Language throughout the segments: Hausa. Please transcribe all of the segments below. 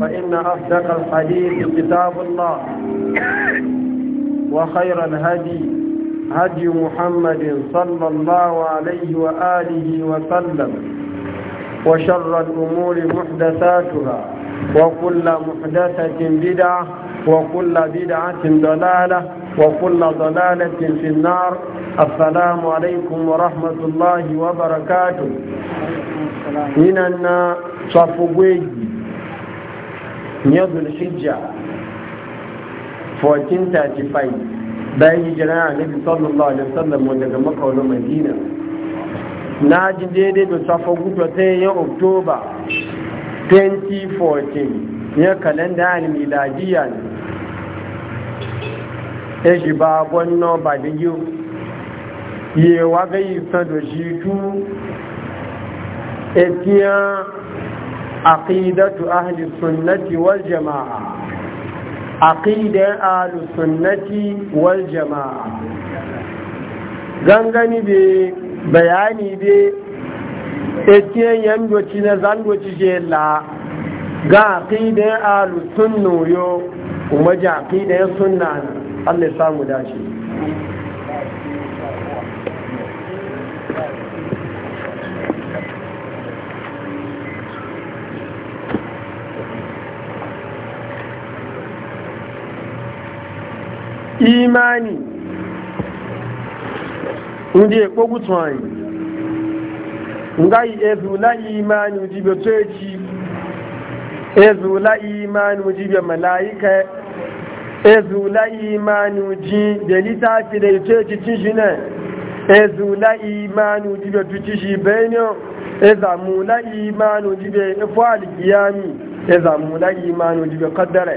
فإن أصدق الحديث كتاب الله وخير الهدي هدي محمد صلى الله عليه وآله وسلم وشر الأمور محدثاتها وكل محدثة بدعة وكل بدعة ضلالة وكل ضلالة في النار السلام عليكم ورحمة الله وبركاته من صفوين yanzu hijja 1435 bayan hijira na nabi sallallahu alaihi wasallam daga makaunin madina na ji daidai da safa gudu ta yin oktoba 2014 ya kalenda almiladiya ne ya shi e ba gwanna ba da yiwu yewa yi ta da shi tu etiyan aqidatu ahli sunnati wal jama'a aqidan ahli sunnati wal jama'a gangani be bayani be etiyen yandoci na zandoci je la ga aqidan ahli sunnu yo kuma ji aqidan sunna Allah ya samu dace imani ndị ekpogutu anyị ngaghị ezula imani ujibe tsoci ezula imani ujibe malaika ezula imani uji da littafi da tsoci cishi ne ezula imani ujibe tucishi benyo ezamula imani ujibe ifu alikiyami ezamula imani ujibe kaddara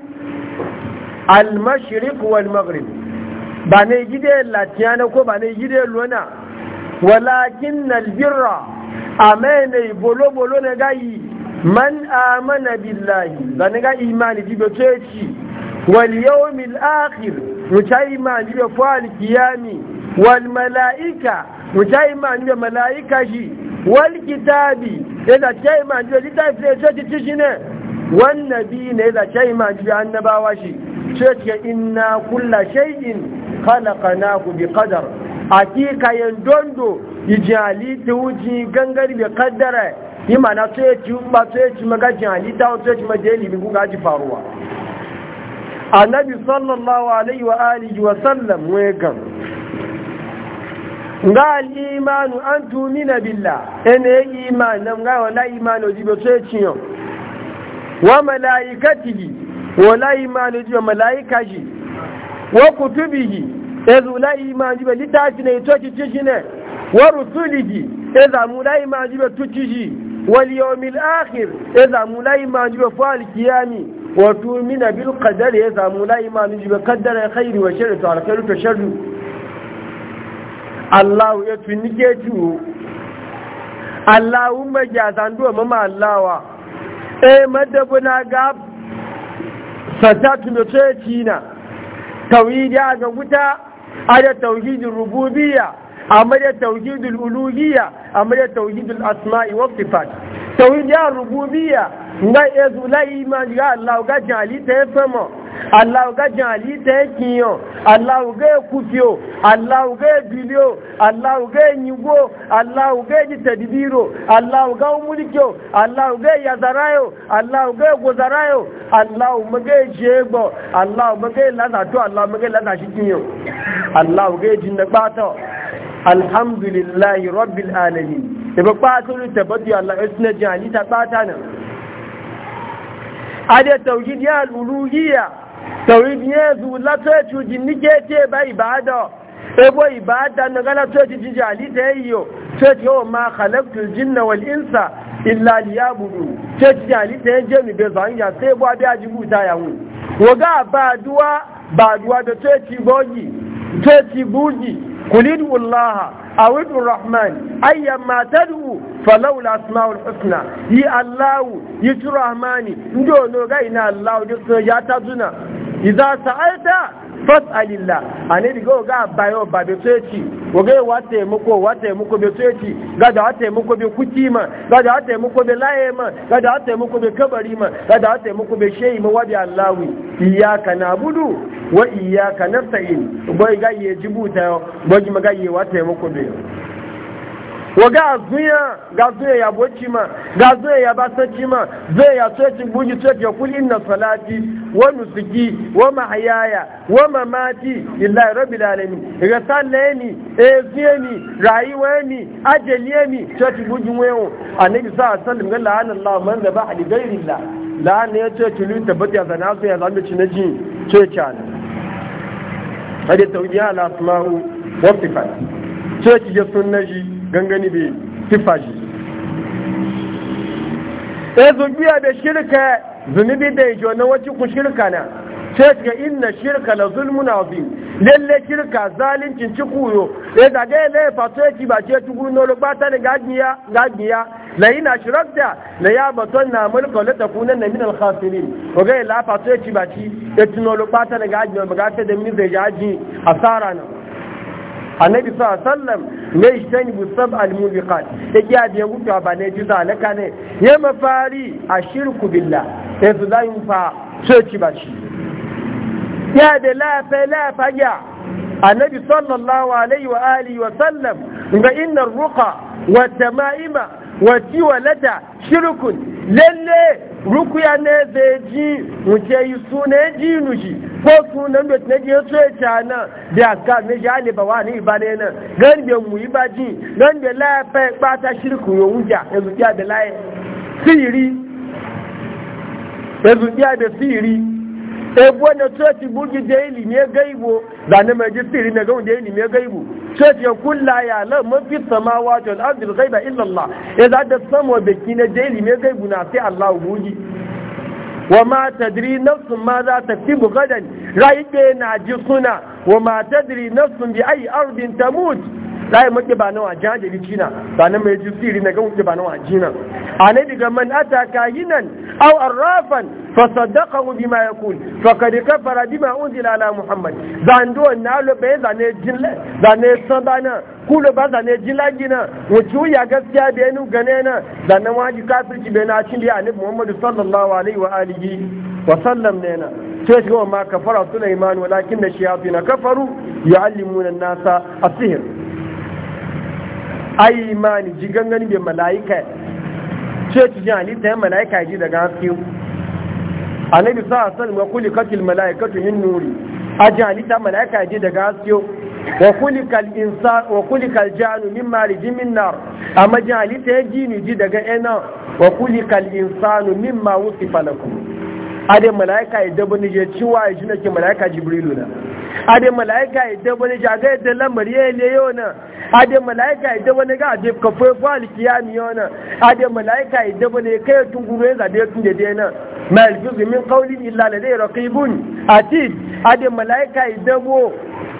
al-mashriq wal maghrib ba ne gide latiyana ko ba ne gide lona walakin al-birra amene bolo bolo na gayi man amana billahi ba ne ga imani bi boteci wal yawmil akhir mutai imani bi fa'al qiyami wal malaika mutai imani bi malaika shi wal kitabi yadda ce imani bi litafi ce ci ne wannan bi ne yadda ce imani bi annabawa shi sai inna kulla shay'in khalaqnahu bi qadar hakika yan dondo ijali ta wuji gangar bi qaddara yi mana ya ci ba sai ci maga jali ta sai ci majeli bi kuka ji faruwa annabi sallallahu alaihi wa alihi wa sallam wegan nga al-imanu an tumina billah ene iman nan ga wala imanu jibo sai ci yo wa malaikatihi wala ni jiba mala'ika ji wa kutubihi ezu ma ni jiba litafi ne to kici shi ne wa rusulihi eza mu la imani jiwa tuci shi wal yawmil akhir eza mu ma ni jiba fa'al kiyami, wa tu'mina bil qadari eza mu ma ni jiba qaddara khairi wa sharri to alkhairu to sharri Allah ya tunike tu Allahumma jazandu mama Allahwa eh madabuna gab fasatu da tsoyaci na tauhidi a ga wuta a da tauhidin rububiya amma da tauhidin uluhiya amma da tauhidin asma'i wa sifat tauhidin rububiya ngai ezulai ma ga Allah ga jali ta sama Allah ga jali ta yake yo Allah ga kufiyo Allah ga biliyo Allah ga nyigo Allah ga ji tadbiro Allah ga mulkiyo Allah ga yazarayo Allah ga gozarayo Allah ga jego Allah ga lana to Allah ga lana shi yo Allah ga jin da kpata. alhamdulillahi rabbil alamin ni bato tabbati Allah isna jali ta bata na. Adé tauhid ya al-uluhiyya tawhid ya zu latoya cuji nike ce ba ibada ebo ibada na gala toya cuji ta yayyo toya ci yawon ma halaktul jinna wal insa illa liyabudu toya cuji jali ta yayyo ni bai zan ya sai ebo abi aji buta ya wu waga ba duwa ba duwa da coci ci Coci toya ci bugi kulid wallaha rahman ayyan ma tadu asma'ul husna yi allahu yi turahmani ndo no ga ina allahu duk ya tazuna idza sa'alta fas'alillah ane diga ga bayo ba be tsoci wage wa taimako wa taimako be tsoci ga da wa taimako be kuti ma ga da wa taimako be laye ma ga da wa taimako be kabari ma ga da wa taimako be shehi ma wa bi allawi iyyaka na'budu wa iyyaka nasta'in boy ga ye jibuta boy ma ga ye wa taimako be wa ga zuya ga ya boci ma ga zuya ya basaci ma ya tsoci buji tsoci ya kuli inna salati wa nusuki wa mahayaya wa mamati illa rabbil alamin ga sallaye ni e zuye ni rayuwa ni ni buji wayo annabi sa sallam ga la'ana Allah man da ba hadi la la'ana ya tsoci lu tabbata ya zana su ya zama ci na ji tsoci hadi tawjiha al asma'u wa sifat tsoci ya sunnaji gangani bi tifaji e sai zubiya da shirka zunubi da ya jonan wacce ku shirka na ce ga inna shirka na zulmun abu lalle shirka zalincin cikuyo kuyo e, ya daga ya lai fato ya ci ba ce ci gurin nolo bata ne gajiya gajiya la ina shirabta la ya baton na mulka la takunan na min al-khasirin ko ga la fato ya ci ba ci ya e ci nolo bata ne gajiya ba ga ta da min zai jaji asara na annabi sa sallam ne ishtani bu sab al mubiqat yake ya biyan gudu ba ne ji zalaka ne ya mafari ashirku billah sai su zai fa soci ba shi ya da la fa la fa ya annabi sallallahu alaihi wa alihi wa sallam ga innar ruqa wa tamaima wati walada shirkun lalle rukuya ne zai ji wuce yi sunan jinu shi ko nan da e na je so ya na da ka ne ya ne ba wani ba ne nan gan da mu yi ba ji gan da la fa e ba ta shirkun ya wuja ya zuciya da la e. siri ya zuciya da siri ebo na coci bugi da ilimi ya gaibo da na mai jisiri na gawun da ya gaibo tsoci ya kulla ya lan mafi sama wato al'adul gaiba illallah ya za da samu biki na da ilimi ya gaibo na sai Allah bugi wa ma tadri nafsun ma za ta fi bugadan rayi na ji suna wa ma tadri nafsun bi ai ardin tamut dai muke ba nawa na ba na mai jisiri na ga muke ba nawa jina A nan, au man ataka yinan aw arrafan fasaddaqahu bima yaqul faqad kafara bima unzila ala muhammad zando na lo zane jinle zane na kulo ba zane jinla gina wuce wuya gaskiya be nu gane na zanan waji kafirci bai na cin da ne muhammad sallallahu alaihi wa alihi wa sallam ne na sai shi ma kafara sulaiman walakin da shayatin kafaru yu'allimuna an-nasa as-sihr ai imani ji gangan bai mala'ika ce ci jin halitta ya mala'ika ji daga haske annabi sa sallam wa kulli katil mala'ikatu min nuri a ji halitta mala'ika ji daga haske wa kulli kal insa wa kulli kal janu min ji min nar amma ji halitta ya ji ni ji daga ena wa kulli kal insanu mimma wusifa lakum ade malaika ya dabo ni je ciwa ya ji ke malaika jibrilu na ade malaika ya dabo ni jaga ya da lamar ya ne yau na ade malaika ya dabo ni ga ade ka fa fo alkiyami yau na ade malaika ya dabo ni kai tunguru ya zabe tun dai na ma yalfizu min qawli illa dai raqibun atid ade malaika ya dabo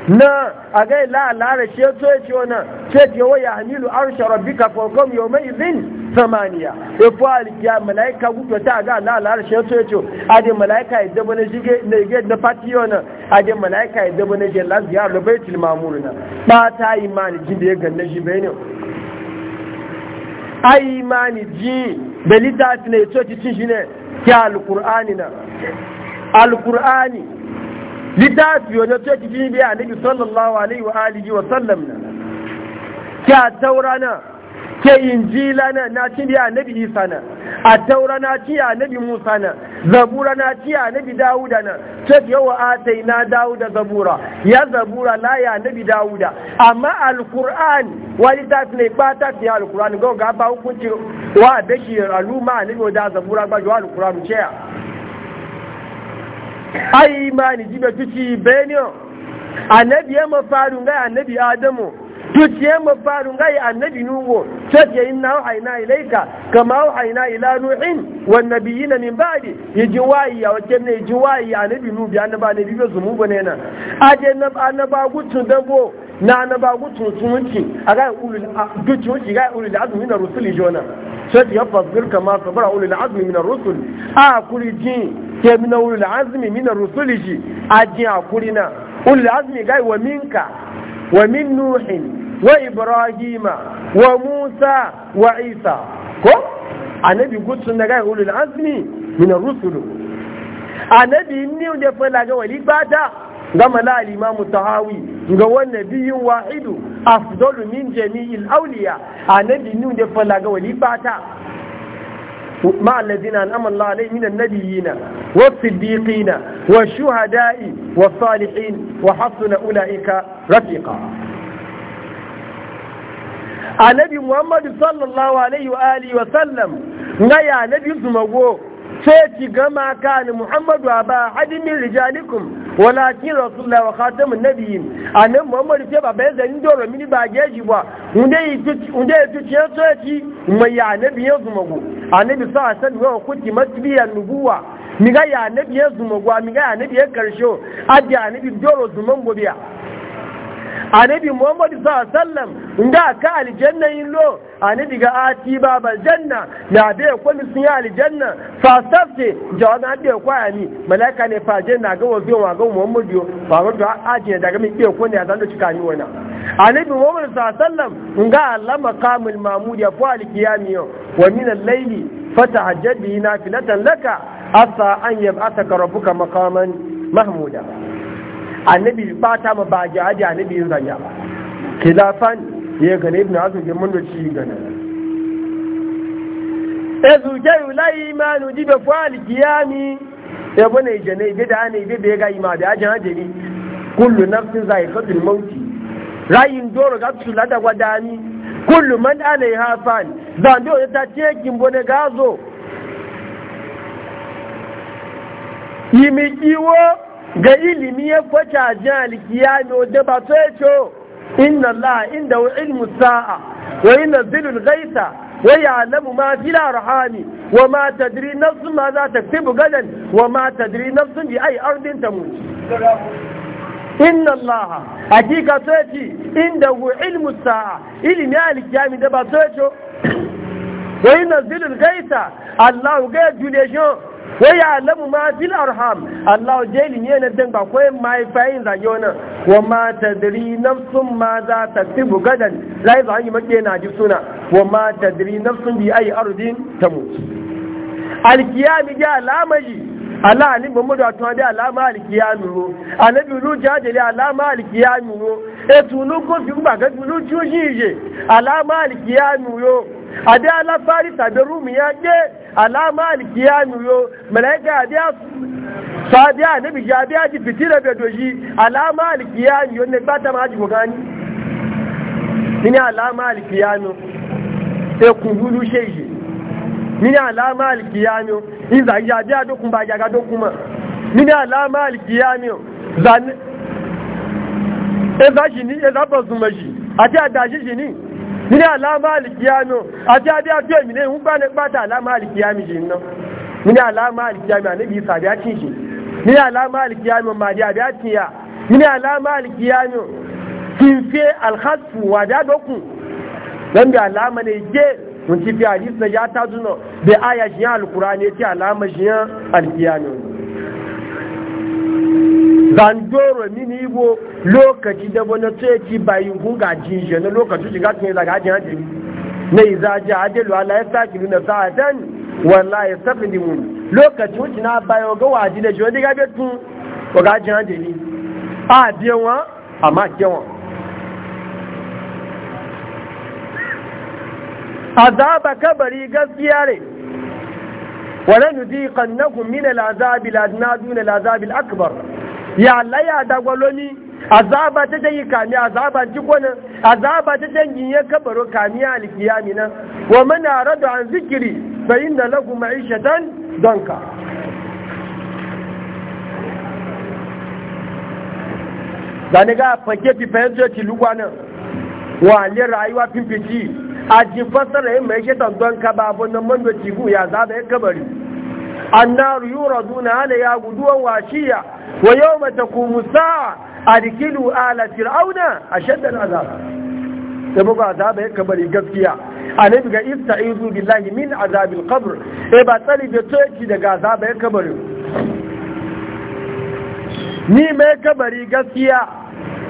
na aga la la ra she to ce wannan ce ce wa ya hamilu arsha rabbika fawqam yawma idhin samaniya ifo alikiya malaika gudu ta ga na alarshe to yace ade malaika ya dabo na shige na ga da fatiyo na ade malaika ya dabo na je la ziyar da baitul mamur na ba ta imani jin da ya ganna shi bai ne ai imani ji da litati ne to ci cin shi ne ki alqur'ani na alqur'ani litati yo to ci jin bi annabi sallallahu alaihi wa alihi wa sallam na ki taurana ke injila na na ci ya nabi isa na a taura na ci ya nabi musa na zabura na ci ya nabi dawuda na ce yawa atai na dawuda zabura ya zabura la ya nabi dawuda amma alquran wani ta ne ba ta ci alquran ga ga ba hukunci wa da shi aluma go da zabura ba jo alquran ce ya. ai imani jibe tuci benio annabi ya mafaru ga annabi adamu tuciye mabarin gai annabi nugo sai inna wahayna ilaika kama na ila nuhin wan nabiyina min ba'di yaji wayi ya wace ne yaji wayi annabi nu bi annaba annabi be zumu bane na aje na annaba gutu dabo na annaba gutu tunci aga ulul gutun ci ga ulul azmi na rusul jona sai ya fasbir kama bara ulul azmi min ar-rusul a kuri jin ke min ulul azmi min ar-rusuli ji aje akurina ulul azmi gai wa minka wa min nuhin wa ibrahima wa musa wa isa ko anabi gutsun na gai ulul azmi min ar-rusul anabi ni da fala ga wali bata ga mala al-imam tahawi ga wannan biyun wahidu afdalu min anabi da wali bata مع الذين أنعم الله عليهم من النبيين والصديقين والشهداء والصالحين وحسن أولئك رفيقا annabi muhammadu sallallahu alaihi wa alihi wa sallam na ya annabi zumago sai ci gama kan muhammadu aba hadimin rijalikum walakin rasulullah wa khatamun nabiyyin annabi muhammadu sai ba ya zani doro mini ba geji ba unde ya tuci ya soci mai ya annabi ya zumago annabi sa san wa kuti matbiyan nubuwa mi ga ya annabi ya zumago mi ga ya annabi ya karsho adi annabi doro zuman gobiya anabi Muhammadu sallallahu alaihi wasallam inda ka aljanna yin lo anabi ga ati babal janna na be ko sun sun aljanna fa safte jawana be kwaya ani malaka ne fa janna ga wafi wa ga muhammad ba fa ga to ajiye daga mi be ko ne a zanda cika ni wani anabi muhammadu sallam nga alama inda allah maqamul mamud ya fa yau wa na laili fata hajjabi na filatan laka asa an yab'athaka rabbuka maqaman mahmuda annabi ba ta ma ba ji aji annabi yin zanya ba khilafan ya gane ibn azum ke mun da shi gane E jayu la imanu dibe fal qiyami ya bane ne bi da ne bi be ga ima da ajin ajini kullu nafsin za'iqatul mauti rayin doro ga su lada wadani kullu man alaiha fan zan do ta ce kimbo ne gazo yimi kiwo ga ilimi ya kwaca jin alkiyami wadda ba so ya ce inna Allah inda wa ilmu sa'a wa inna zilin gaisa wa ya'lamu ma fil arhami wa ma na nafsun ma za ta fi bugadan wa ma na nafsun bi ai ardin mu? inna Allah hakika so ya ce inda wa ilmu sa'a ilimi alkiyami da ba so ya ce wa inna zilin gaisa Allah ga julejon waya ya'lamu ma fil arham Allah jeli ne na dan ba koyi mai fayin zayo nan wa ma tadri nafsun ma za ta tibu gadan lai ba yi make na ji suna wa ma tadri nafsun bi ayi ardin tamut alkiyami ga alamaji ala ni bo atuwa da alama alkiyami ro anabi ru jajele alama alkiyami ro etunu ko fi gba ga tunu ju yije alama alkiyami ro ade alafari tàbí rúmi ya jẹ́ alama alikiya nuyo mẹ́lẹ́gà adé adé àti fìtílẹ̀ bẹ̀dọ̀ yìí alama alikiya nuyo yìí nínú alama alikiya nu ìzàyà adé àdókùnbà àjàgádókùnmà nínú alama alikiya nu zanẹ́ nílé aláàmàlìkíyàmì àti adéájú èmì ní ìhúgbà ní pátá aláàmàlìkíyàmì jì náà nílé aláàmàlìkíyàmì àníbi ìsàdé àtìṣe nílé aláàmàlìkíyàmì màdí àdé àtìyà nílé aláàmàlìkíyàmì kì ń fi alhassu wà dádókùn lẹ́mí aláàmàlì jẹ́ mun ci fi àdí na ya ta zuna bai aya shi alkurani ya ce alama shi zandoro mini ibo lokaci da wani tsoyaki bayin ga jinje na lokaci shiga tun yi daga ajiyar ajiyar na izaji ajiyar ala ya sa kiri na sa'adan wala ya safi limun lokaci wuce na bayo ga waji da shi wani gabe tun ga daga ajiyar ajiyar a biyan wa a ma biyan wa azaba kabari gaskiya ne ولنذيقنهم من العذاب الأدنى دون العذاب akbar ya laya da gwaloni azaba ta yi kami azaba jikona azaba ta jayi ya kabaro kami alkiyami nan wa mana rado an zikiri fa shatan lahu ka. danka dani ga fake fi zuwa ci nan wa le rayuwa fimfici a fasara yin mai shaitan donka abu nan mando cigu ya zaba ya kabari annaru yuraduna alayya guduwan washiya wa yau mata ku musa a rikilu ala fir'auna a shaddar azab da bugu azaba ya kabari gaskiya a daga nabi in ista'izu billahi min azabil qabr e ba tsari da toki daga azaba ya kabari ni mai kabari gaskiya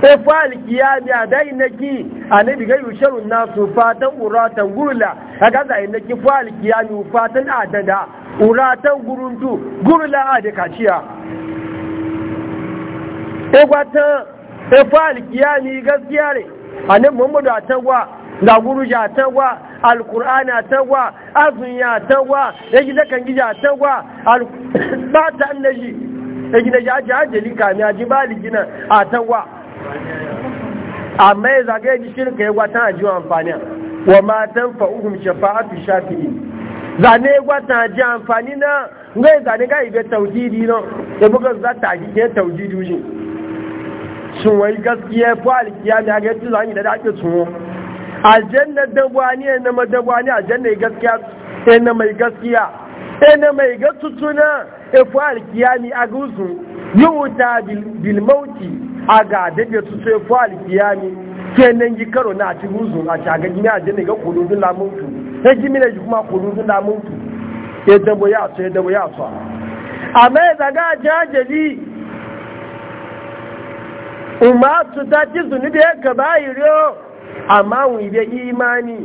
e fa alkiyami a dai naki a nabi ga yusharun nasu fatan uratan gurla a gaza yi naki fa alkiyami fatan adada uratan guruntu gurla a da kaciya egwata efa alkiyami gaskiya ne annabi muhammadu a tagwa ga a tagwa alkur'ani a tagwa azun ya tagwa yaji na kan gida a tagwa bata annaji yaji gida ya ji ajali kami a ji bali gina a tagwa amma ya zagaya ji shirka ya gwata a ji amfani wa matan fa'uhum shafa'atu shafi'i zane gwata ji amfani na ngai zane ga ibe tawjidi no ya buga za ta hakike tawjidi ji tsuwai gaskiya ko alkiya mai hanyar tun zan da ake tsuwo aljanna dabwani ne ma dabwani aljanna gaskiya nama mai gaskiya ne mai gatsutuna ya fi alkiya mai a guzu yuta bil mauti aga da ke su sai fa alkiya mai kenan yi karo na ci guzu a shaga gini aljanna ga kuludun lamuntu mina ji kuma kuludun lamuntu ya dabo ya so ya dabo ya so amma ya zaga jajali su ta ci zunubi ya yi riyo. amma wibe imani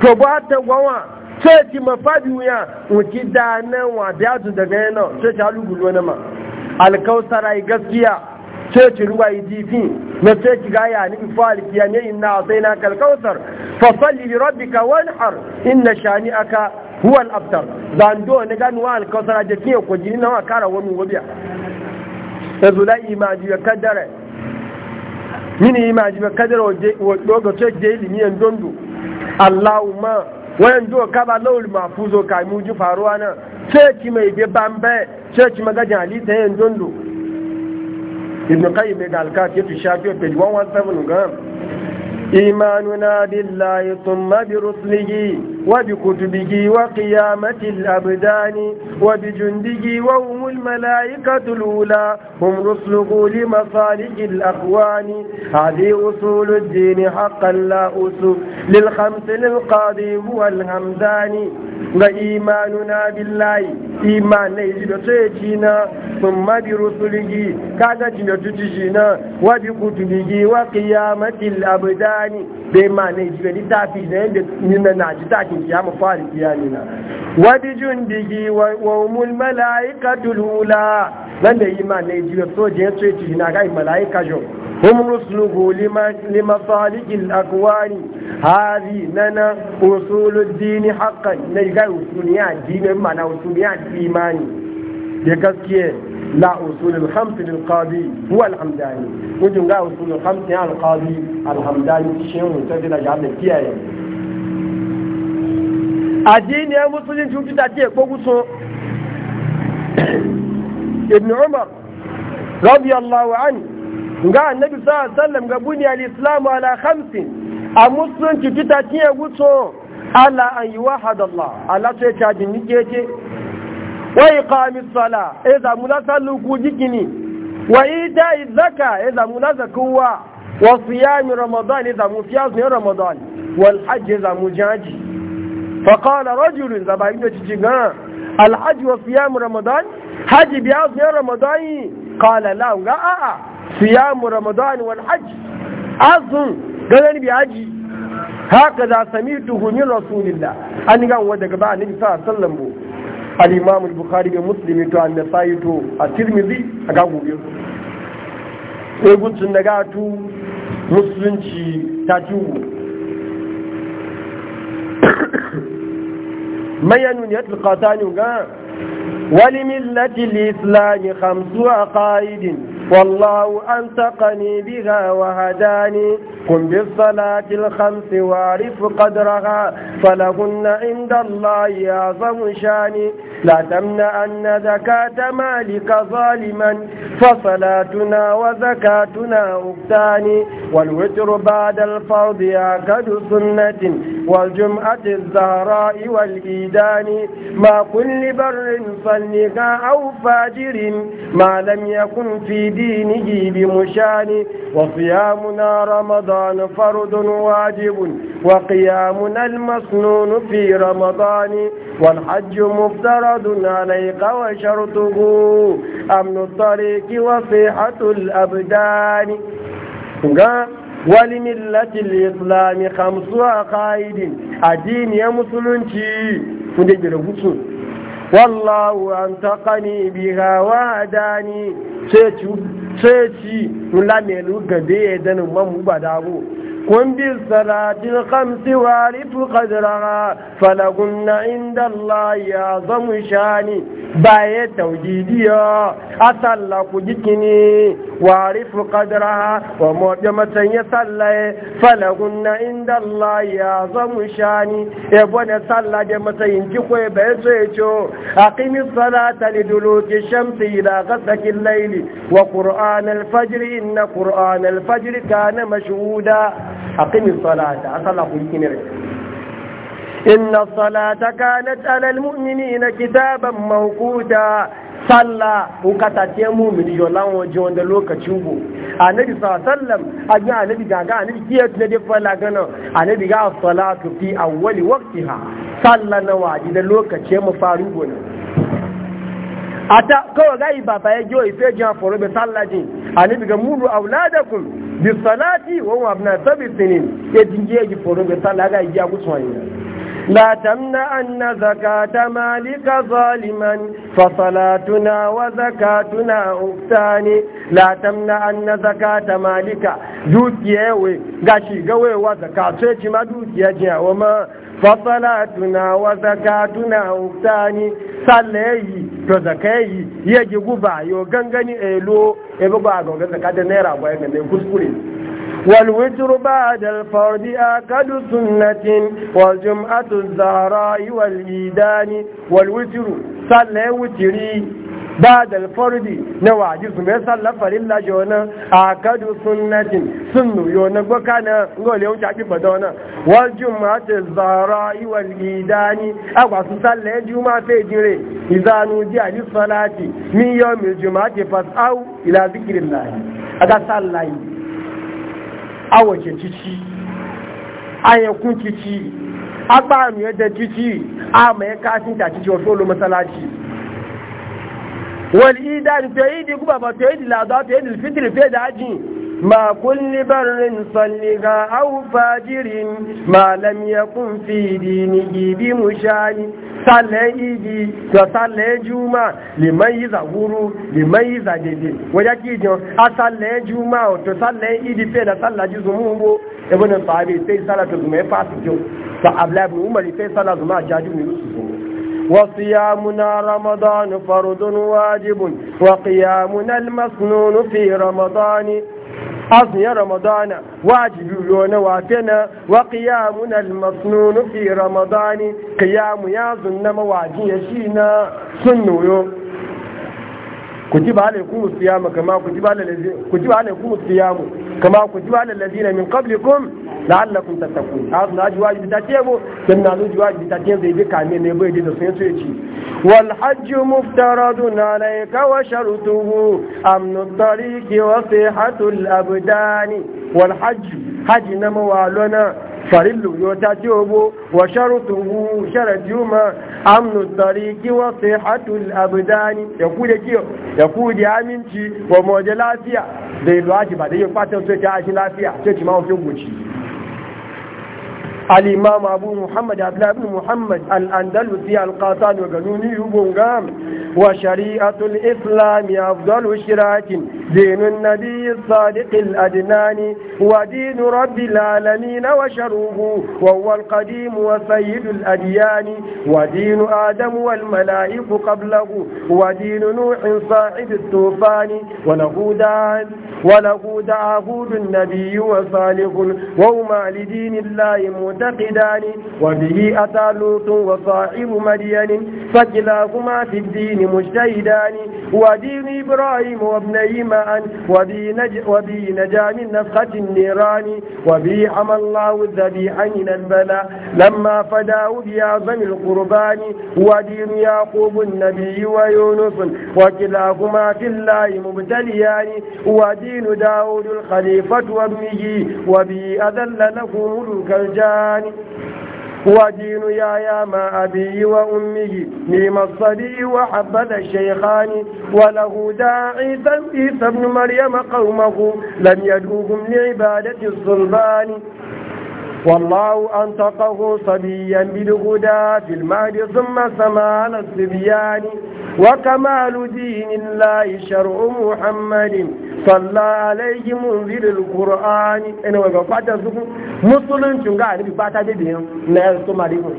to ba ta gwawa sai ci mafadi wuya wuci da nan wa da yazu daga yana sai ci alugulu wani ma alkausara yi gaskiya sai ci ruwa yi jifi na sai ci gaya ni bi fa alkiya ne inna sai na kalkausar fa salli li rabbika wanhar inna shani aka huwa al-abtar zando ne ganuwa alkausara da kiyo ko jini na wa kara wani wabiya yanzu la imani ya kaddara mini imaji ba kadar wadoga cek da ilimi yan dondo allahumma wayan do kaba lawul mafuzo kai mu ji faruwa nan ceki mai be bambe ceki magajin halitta yan dondo ibn qayyim ga alkafi ya tushafi page 117 ga إيماننا بالله ثم برسله وبكتبه وقيامة الأبدان وبجنده وهم الملائكة الأولى هم رسله لمصالح الأخوان هذه أصول الدين حقا لا أصول للخمس للقاضي هو الهمدان وإيماننا بالله إيمان يجب تيجينا ثم برسله كذا تيجينا وبكتبه وقيامة الأبدان ni bai ma ne jibe di tafi da yadda nuna na ji takin ya mu fara biya ne na wadi jun digi wa umul malaika tulula nan da yi ma ne jibe so je so ti na kai malaika jo hum rusulu lima lima salikil akwani hari nana usulud din haqqan ne ga usuliya dinin mana usuliya imani ya gaskiye la usulul hamsin qadi huwa al hamdani wajin ga usulul qadi al hamdani shi mun ta da ya da kiyaye addini ya musulunci wuce ta ce ko guso ibn umar radiyallahu an ga annabi sallallahu alaihi wasallam ga buni al-islam ala khamsin a musulunci ta ce guso ala an yi wahadallah ala sai ta jinni ce wa iqamis sala e za mu lasallu ku jikini wa ita zaka e za mu lazakuwa wa siyam ramadan e za mu su ne ramadan wal hajj e za mu jaji fa qala rajul za ba inda cici ga al hajj wa ramadani. ramadan biya su ne ramadan qala la ga a a siyam ramadan wal hajj azun ganin bi haji haka za sami tuhumin rasulillah an gan wa daga ba annabi sallallahu alaihi wasallam al-imam al-bukhari da muslim to an nasai to at-tirmidhi aga gobe sai gutsun daga tu musulunci ta tubu mayanu ne tulqatani ga wali millati al-islam khamsu aqaidin والله ألتقني بها وهداني قم بالصلاة الخمس وأعرف قدرها فلهن عند الله أعظم شاني لا تمنعن زكاة مالك ظالما فصلاتنا وزكاتنا أكتان والوتر بعد الفرض أكد سنة والجمعة الزهراء والإيدان ما كل بر صلقا أو فاجر ما لم يكن في دينه بمشان وصيامنا رمضان فرض واجب وقيامنا المصنون في رمضان والحج مفترض عليك وشرطه أمن الطريق وصيحة الأبدان ولملة الإسلام خمس عقائد الدين يا مسلمتي والله أنتقني بها وهداني سيتي سيتي ملامي لغبي دن ممبدعو قم بالصلاة الخمس وعرف قدرها فلهن عند الله أعظم شان باية توجيدية أصلى كجكني وعرف قدرها ومعجمة يصلى فلهن عند الله أعظم شان يبون صلى جمة ينجخوا بيسيتو أقم الصلاة لدلوك الشمس إلى غسك الليل وقرآن الفجر إن قرآن الفجر كان مشهودا أقم الصلاة أصلى كنتين إن الصلاة كانت على المؤمنين كتابا موقوتا sallah ko katace mu mi yo lawo jonda lokacin go annabi sallam anya annabi gaga annabi kiya ne de fala gano annabi ga salatu fi awwali waqtiha sallah na waji da lokacin mu faru go ata kawai gai ba ya yaji wa ife jiya foro be sallaji ani biga mulu auladakum bi salati wa huwa abna sabi sinin ya jinje ji foro be sallaga ya ji agusuwa yana لا تمنعن زكاة مالك ظالما فصلاتنا وزكاتنا أختان لا تمنعن زكاة مالك دوكيه غشي غوي وزكاة سيتي ما دوكيه وما fasalatuna wa zakatuna uktani sallayi to zakayi yaji guba yo gangani elo e ba ga ga zakata naira gwaye ne kuskure والوتر بعد الفرد آكد سنة والجمعة الزهراء والإيدان والوتر صلى وتري بعد الفرد نواجه سنة صلى فلله جونا آكد سنة سنة يونا وكان نقول يوم شعبي بدونا والجمعة الزهراء والإيدان أقوى سنة جمعة في جري إذا نودي على الصلاة من يوم الجمعة فاسعوا إلى ذكر الله أقصى الله awake cici ayakun cici agbamu yadda e cici a mai e kafinta cici wasu olu masalaci wani idari to yi di guba ba to yi di lazo to yi di fitri fe da aji ma kulli barin salliga au fajirin ma lam yakun fi dinihi bi mushani sallan idi da sallan juma liman yi zaguru liman yi zadede wajen kijin a sallan juma to sallan idi fe da sallan ji zumu mbo ibn sahabi sai sallan to zuma ya fasu kyau ta abla ibn umar sai sallan zuma a jaju ne su zumu وصيامنا رمضان فرض واجب وقيامنا المسنون في رمضان حصن رمضان واجب يونا واتنا وقيامنا المصنون في رمضان قيام يازن مواجه شينا سنو يوم كتب عليكم الصيام كما كتب على الذين من قبلكم لعلكم تتقون هذا الجواج بتاتيبو كنا الجواج بتاتيبو زي بكا مين يبو يدي سن سويتي والحج مفترض عليك وشرطه امن الطريق وصحه الابدان والحج حج نموالنا farin lori wata ti obo wa sharutu hu shara juma amnu tari wa sihatu al-abdani ya kude kiyo ya aminci wa lafiya da ilu aji ba da ya fatan so ta aji lafiya sai ti ma ofin gochi الإمام أبو محمد عبد الله بن محمد الأندلسي القاطان وقانوني يبونغام وشريعة الإسلام أفضل شراك دين النبي الصادق الأدنان ودين رب العالمين وشروه وهو القديم وسيد الأديان ودين آدم والملائك قبله ودين نوح صاحب الطوفان وله دعا وله دعا النبي وصالح وهما لدين الله متعلق ينتقدان وبه أتى لوط وصاحب مدين فكلاهما في الدين مجتهدان ودين إبراهيم وابنيه معا وبه نج وبه نجا من نفخة النيران وبه حمى الله الذبيح من البلاء لما فداه بأعظم القربان ودين يعقوب النبي ويونس وكلاهما في الله مبتليان ودين داود الخليفة وابنه وبه أذل له ملك الجار الإنسان ودين يا يا ما أبي وأمه ميم الصبي وحبذ الشيخان وله داعي عيسى ابن مريم قومه لم يدعوهم لعبادة الصلبان والله أنطقه صبيا بالهدى في المهد ثم سمى على الصبيان وكمال دين الله شرع محمد صلى عليه منذر القرآن أنا وقفت أسكو مسلم شنقا أنا بفاتا دي بيهم نهر سماريهم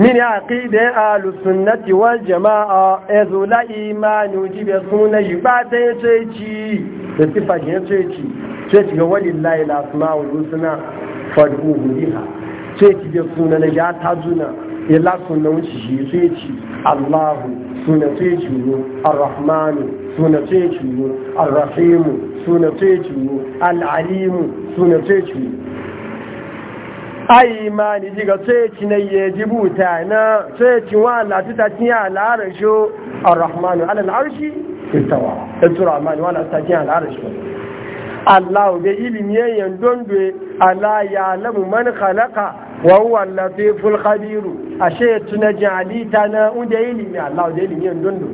من عقيدة أهل السنة والجماعة إذ لا إيمان يجيب سنة يباتا يتشيكي يصفة يتشيكي يتشيكي ولله الأسماء والحسنى فادعوه بها يتشيكي بسنة نجاة تجنة ila wuce shi sai ci Allahu suna sai ci Ar-Rahman suna sai ci Ar-Rahim suna sai ci al alalimu suna sai ci ai imani diga sai ci ne ya jibuta na sai ci wa Allah ta ci ya al-arshu Ar-Rahman ala al-arshi istawa Ar-Rahman wala ta ci al-arshi Allah be ilimi yan dondo ala ya'lamu man khalaqa wa huwa al-latiful khabir ashe tuna jali ta na unde ili mi allah de ili mi ndondo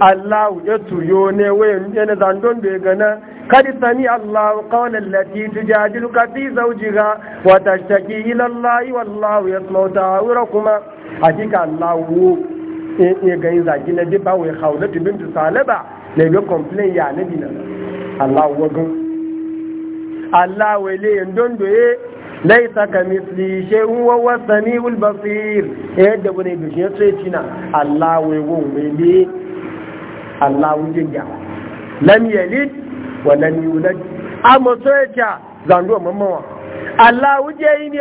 allah ya tuyo ne we ne na ndondo e gana kadi sami allah qawla allati tujadiluka fi zawjiha wa tashtaki ila allah wallahu yasma'u ta'awurakuma hakika allah e ga yin zaki na dibawai hauzatu bintu saliba da ya bi complain ya nabi na allahu wa Allah wele yandon doye lai saka misli shehun wawa sami'ul Ulbasir. E, yadda wani bishin ya ce cina Allah wewon wele Allah wujen ya lam yalid wa lam yulad amma so yake zando mamawa Allah wuje yi ne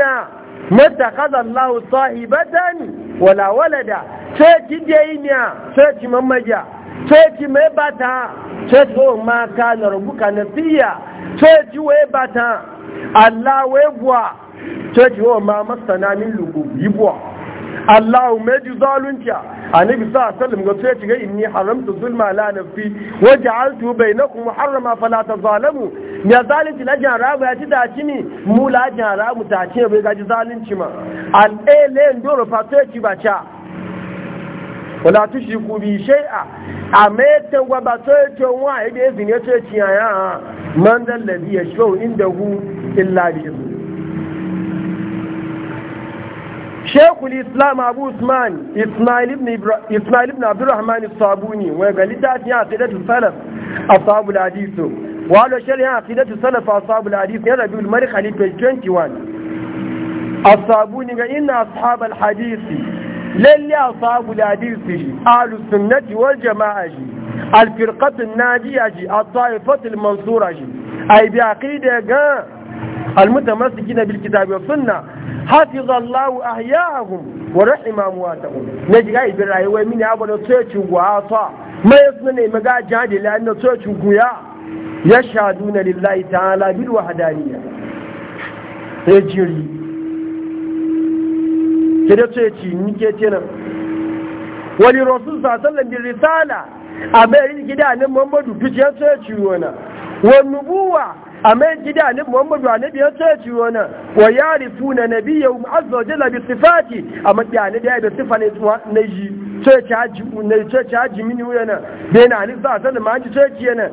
mata kaza Allah sahibatan wala walada sai kije yi ne sai ki mamaja coci mai bata coci o maka na rubuka na fiya coci wai bata allah wai buwa coci o ma masana min lugu yi buwa allah mai ji zalunca a nabi sa salim ga coci ga inni haramta zulma la nafi wajen altu bai na kuma harama falata zalamu ya zalunci na jan ramu ya ci daci ne mu la jan ramu ta ce bai gaji zalunci ma al'ele ndoro fa coci ba ca wala tushriku bi shay'a ameta wa batoto wa ide zine to ciyaya man dal ladhi yashfau indahu illa bi izni Sheikh islam Abu Usman Ismail ibn ya Rabiul 21 الصابون إن أصحاب الحديث lalle a sabu ladisi shi alusunnati war jama'a shi alfirkatun najiya shi a taifatul mansura shi a yi biyaƙi da ga almutamasiki na bilkitabi sunna hafiz allahu ahyahum wa rahima muwatahum ne jiga ibin rayuwa mini abu da tsoci gwasa mai suna ne maga jihadi la'an da tsoci guya ya shahadu na lillahi ta'ala bil wahadaniya ya jiri sai ce ci ni ke nan wani rasu sa sallan bi risala a bai gida ne mambadu fice ya ce ci wana wani nubuwa a mai gida ne muhammadu a nabi ya ce ci wana wa yarifu na nabi ya azza wa jalla bi sifati a makiya ne da ya bi sifa ne na ji ci haji mini wuyana da yana alif za a sanar ma haji ci yana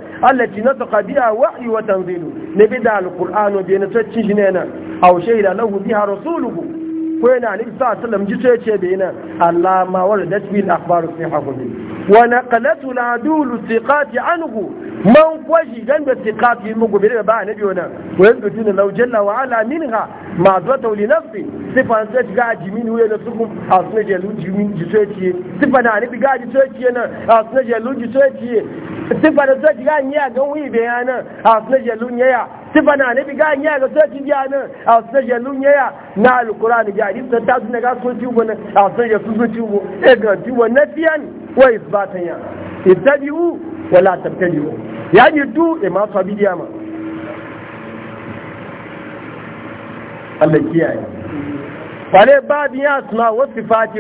ci nasu kabiya biya wa'ayi wa tanzilu na bi da alkur'ano bai na ci shi ne yana a wushe da lahu biya ko yana ni sa sallam ji ce ce bai nan Allah ma warda bil akhbar fi haqqi wa naqalatu la dul thiqati anhu man kwashi dan da thiqati mu gobe da ba nabi wannan wa yanzu dun law jalla wa ala minha ma'azurata wuli nafi sifa sai ci gaji mini wuye na suku a suna jelu ji so ciye sifa na nufi gaji so ciye nan a suna jelu ji so ciye sifa na so ci gaji ya gan wuyi bai nan a suna jelu ya sifa na nufi gaji a ga so ci biya nan a suna jelu ya na alkurani biya ni sun tasu na ga so ci ubo nan a suna jelu so ci ubo e ga ci ubo na fiyan wa isbatan ya ittabi'u wala tattabi'u ya ji du e ma fa bidiya ma Allah kiyaye bare babu ya suna wasu fati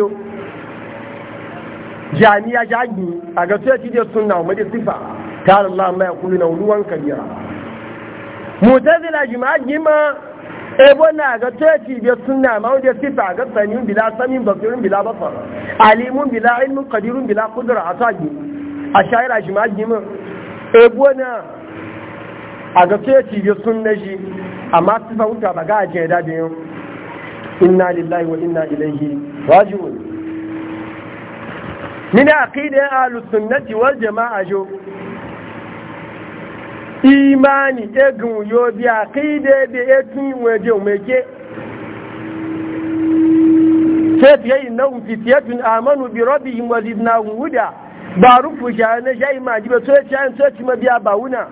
jami'a jagi a ga sai ci suna wani sifa ta Allah mai kullu na ruwan kabira mutazila jima'i ma ebo na ga sai da suna ma da sifa ga sanin bila samin basirun bila basar alimun bila ilmun qadirun bila qudra atagi a shaira jima'i ma ebo na a ga sai da sunna ji amma su wuta ba ga ajiye da biyu inna lillahi wa inna ilaihi raji'un min aqida ahlu sunnati wal jama'a jo imani egun yo bi aqida bi etin waje umeke sai yayi nau tun amanu bi rabbihim wa zidnahum huda ba rufu shayana shayi ma jibe so shayan so ci mabiya ba wuna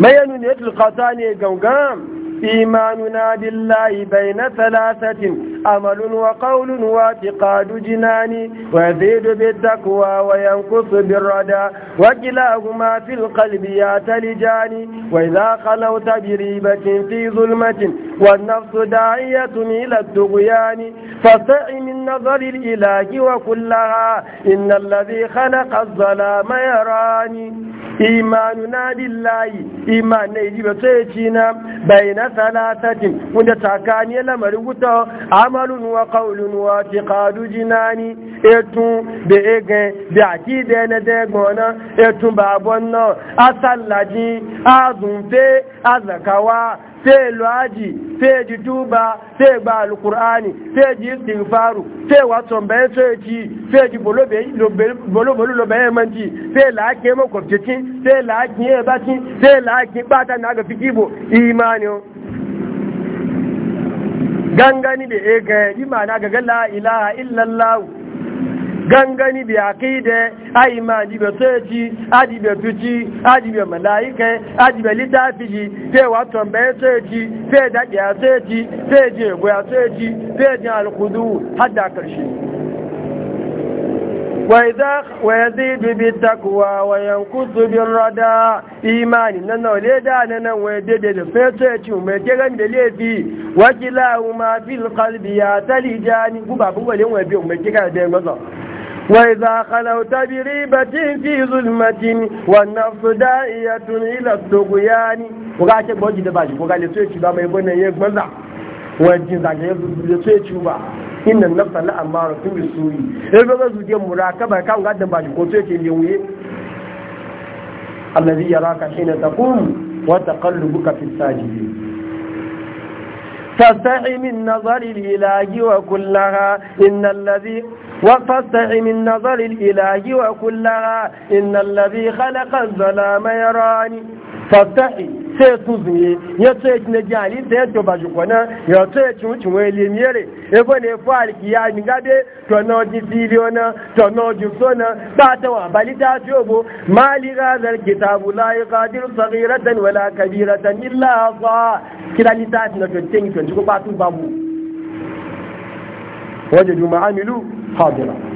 bayanu ne tulkata ne gangan imanuna billahi bai na talatatin amalun wa ƙaunun wa tiƙadu jinani wa zaidu bi takwa wa yankusu bin rada wa kilahuma fil qalbi ya talijani wa idza khalawta bi ribatin fi zulmatin wa nafsu da'iyatun ila ad-dughyani fasta'i min nazari al-ilahi wa kullaha inna alladhi khalaqa az-zalama yarani imanu na billahi iman na yi bato ya ci na bai na wanda tsakani ya lamarin wuta amalun wa kaulun wa ti kadu jinani etu da egen da aki da na gona etu babon a asallaji a azakawa sai luwaji sai ji tuba sai gba alkur'ani sai ji istighfaru sai watson bayan soyaci sai ji bolobolu lobayen manci sai la'ake makwabcici sai la'ake ya baci sai la'ake bata na ga fikibo imani gangani da ya e ga yi e, ga la ilaha illallahu gangani bi aqida ai ma di be tsoci adi be tuci adi be malaika adi be litafiji fe wa ton be tsoci fe da ya tsoci fe je go ya tsoci fe je alqudu hadda karshe وإذا ويزيد بالتقوى وينقص بالردى إيماني لأنه ليدا لنا ويدد فيتشي ومتغن بليفي وكلاهما في القلب يا تلجاني بابا بابا لين ويبيع ومتغن بليفي وإذا خلوت بريبة في ظلمة والنفس دائية إلى الطغيان وقالت بوجي دباجي وقال يسوي تشوبا ما يبون يغمزا وجين زاك يسوي تشوبا إن النفس لا أمار في السوي إذا زوجي مراكبة كان قاعد دباجي كنت يتشوبا الذي يراك حين تقوم وتقلبك في الساجدين فاستحي من نظر الإله وكلها إن الذي واستعم النظر الإلهي وكلها إن الذي خلق الظلام يراني fattahi sai ya ya ce ya kina jihali sai ya ba shi kwana ya ce ya ci wucin wani limiyar ya kone fahar kiya ni gabe to na wajen filiyo na to na wajen so ba ta wa bali ta ce obo mali gazar kitabu la yi kadir sagiratan wala kabiratan illa sa kira littafi na 2020 ko ba su babu wajen juma'a 好了。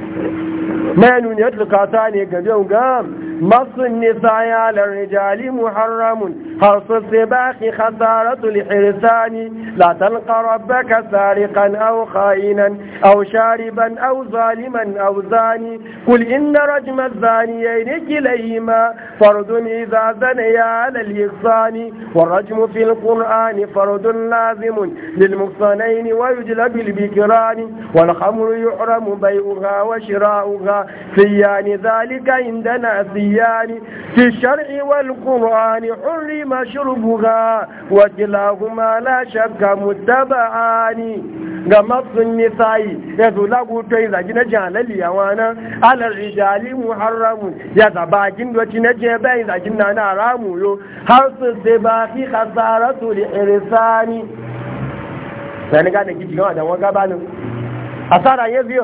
من يطلق ثاني كبير قام مص النساء على الرجال محرم حرص السباق خسارة الحرسان لا تلقى ربك سارقا أو خائنا أو شاربا أو ظالما أو زاني قل إن رجم الزانيين كليهما فرد إذا زني على الإخصان والرجم في القرآن فرد لازم للمقصنين ويجلب البكران والخمر يحرم بيعها وشراؤها سيان ذلك عندنا سيان في الشرع والقرآن حرم شربها وكلاهما لا شك متبعان ga النساء nisa'i تيزا zo lagoto ya muharramu ya zaba sai ba fi A gane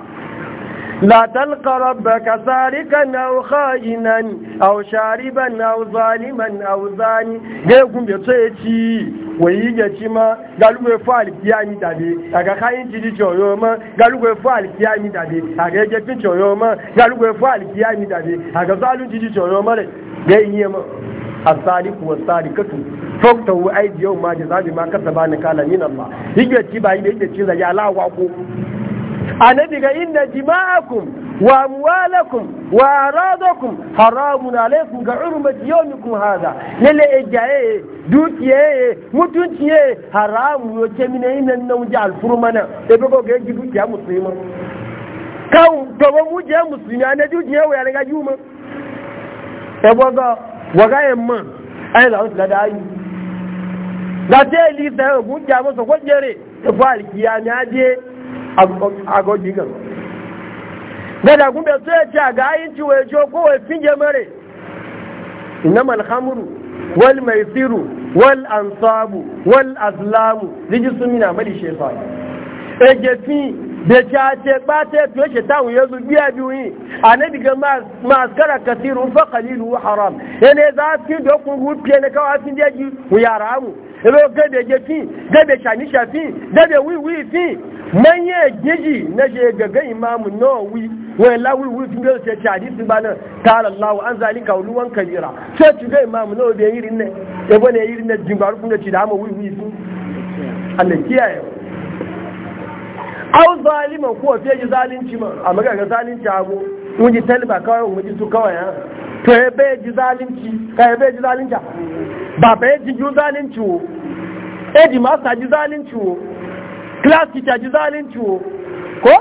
لا تلقى ربك سارقا أو خائنا أو شاربا أو ظالما أو ظاني جايكم بيتشي ويجي ما قالوا يفعل كيامي تابي أكا خاين تيجي يوما قالوا يفعل كيامي تابي أكا يجيكين يوما قالوا يفعل كيامي تابي أكا زالو تيجي يوما جايما الصادق والصادقة فوقته أيدي يوم ما جزاء ما كسبان كالا من الله يجي تيبا يجي تيزا يا لا واقو annabi ga inna jima'akum wa amwalakum wa aradakum haramun alaikum ga urmati yawmikum hada lalle ejaye dukiye mutunciye haramu yo kemine inan nan ji alfurmana e bego ga ji dukiya musulma kan gaba mu musulman musulma na dukiye wa ga juma e bego waga yamma ai da wasu da ayi da ta yi lisa ya gunja masa kwajere ta e fara kiyami aje agogi gada gumbe su ya ce ga ayinci wa yajo ko wa finge mare innama alhamuru wal maisiru wal ansabu wal azlamu rijisun mina mali shefani egefi da jace bata ya tuye shi tawun yanzu biya biyu annabi ga maskara kasirun fa qalilu haram yana za rufe ne kawai ji mu gabe shani fi manye giji na je gaga imamu nawawi wi fi su na Allah an zalika uluwan kabira so ti ga imamu nawawi da yirin ne yirin ne jimbaru da da mu fi au zaliman ko fiye ji zalunci ma a magaga zalunci abu mun ji talba kawai mun ji su kawai ha to ya bai ji zalunci ka ya bai ji zalunci ba bai ji ju zalunci wo edi master ji zalunci wo class teacher ji zalunci wo ko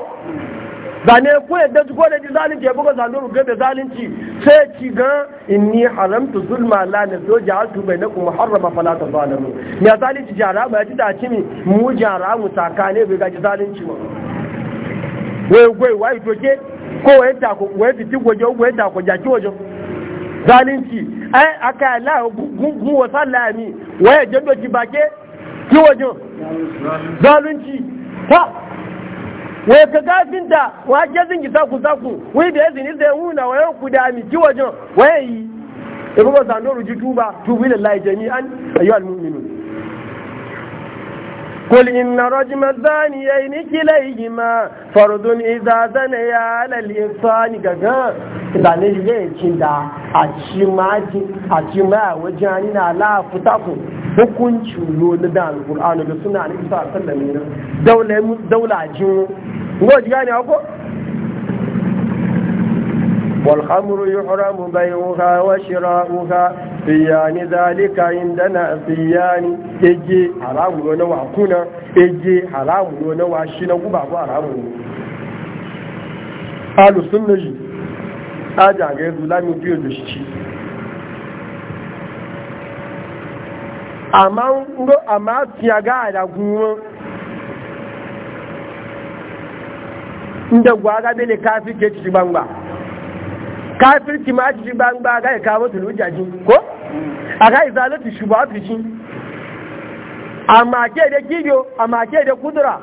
zane ko yadda su da ji zalunci ya buga zanu ruga da zalunci sai ci ga inni haramtu zulma la na zo ja'altu bainakum muharrama fala tazalamu ya zalunci jara ba ji dace mi mu jara mu takane bai ga zalunci ba wai gwai wai toke ko wai ta ko wai fiti goje wai ta ko jaki wajen zalunci ai aka la gun wa sallami wai jando ki bake ki wajen zalunci ta wai ka gafin da wake zin gisa ku saku wai da yanzu ne zai wuna wa yau ku da amiki wajen wai yi da kuma sando ruji tuba tubu lillahi jami'an ayyu almu'minun قل إن رجم الزانيين كليهما فرض إذا زنيا على الإنسان كذا إذا نجي كندا أشي ما أشي ما فتاكم hukuncin yo na da alƙur'ani da suna alaihi sallam ne daula daula jin ngo ji gane ko والخمر يحرم بيعها وشراؤها سيان ذلك عندنا سيان اجي حرام لونا وعكونا اجي حرام لونا وعشينا وبعض حرام قالوا سنجي أجا غير ظلام في الشيء amma ngo amma tiya ga da guwo inda gwa ga bele kafir ke ci bangba kafir ci ma ci bangba ga ka mutu lujaji ko aga izalatu shubatu ci amma ke da kiyo amma ke da kudura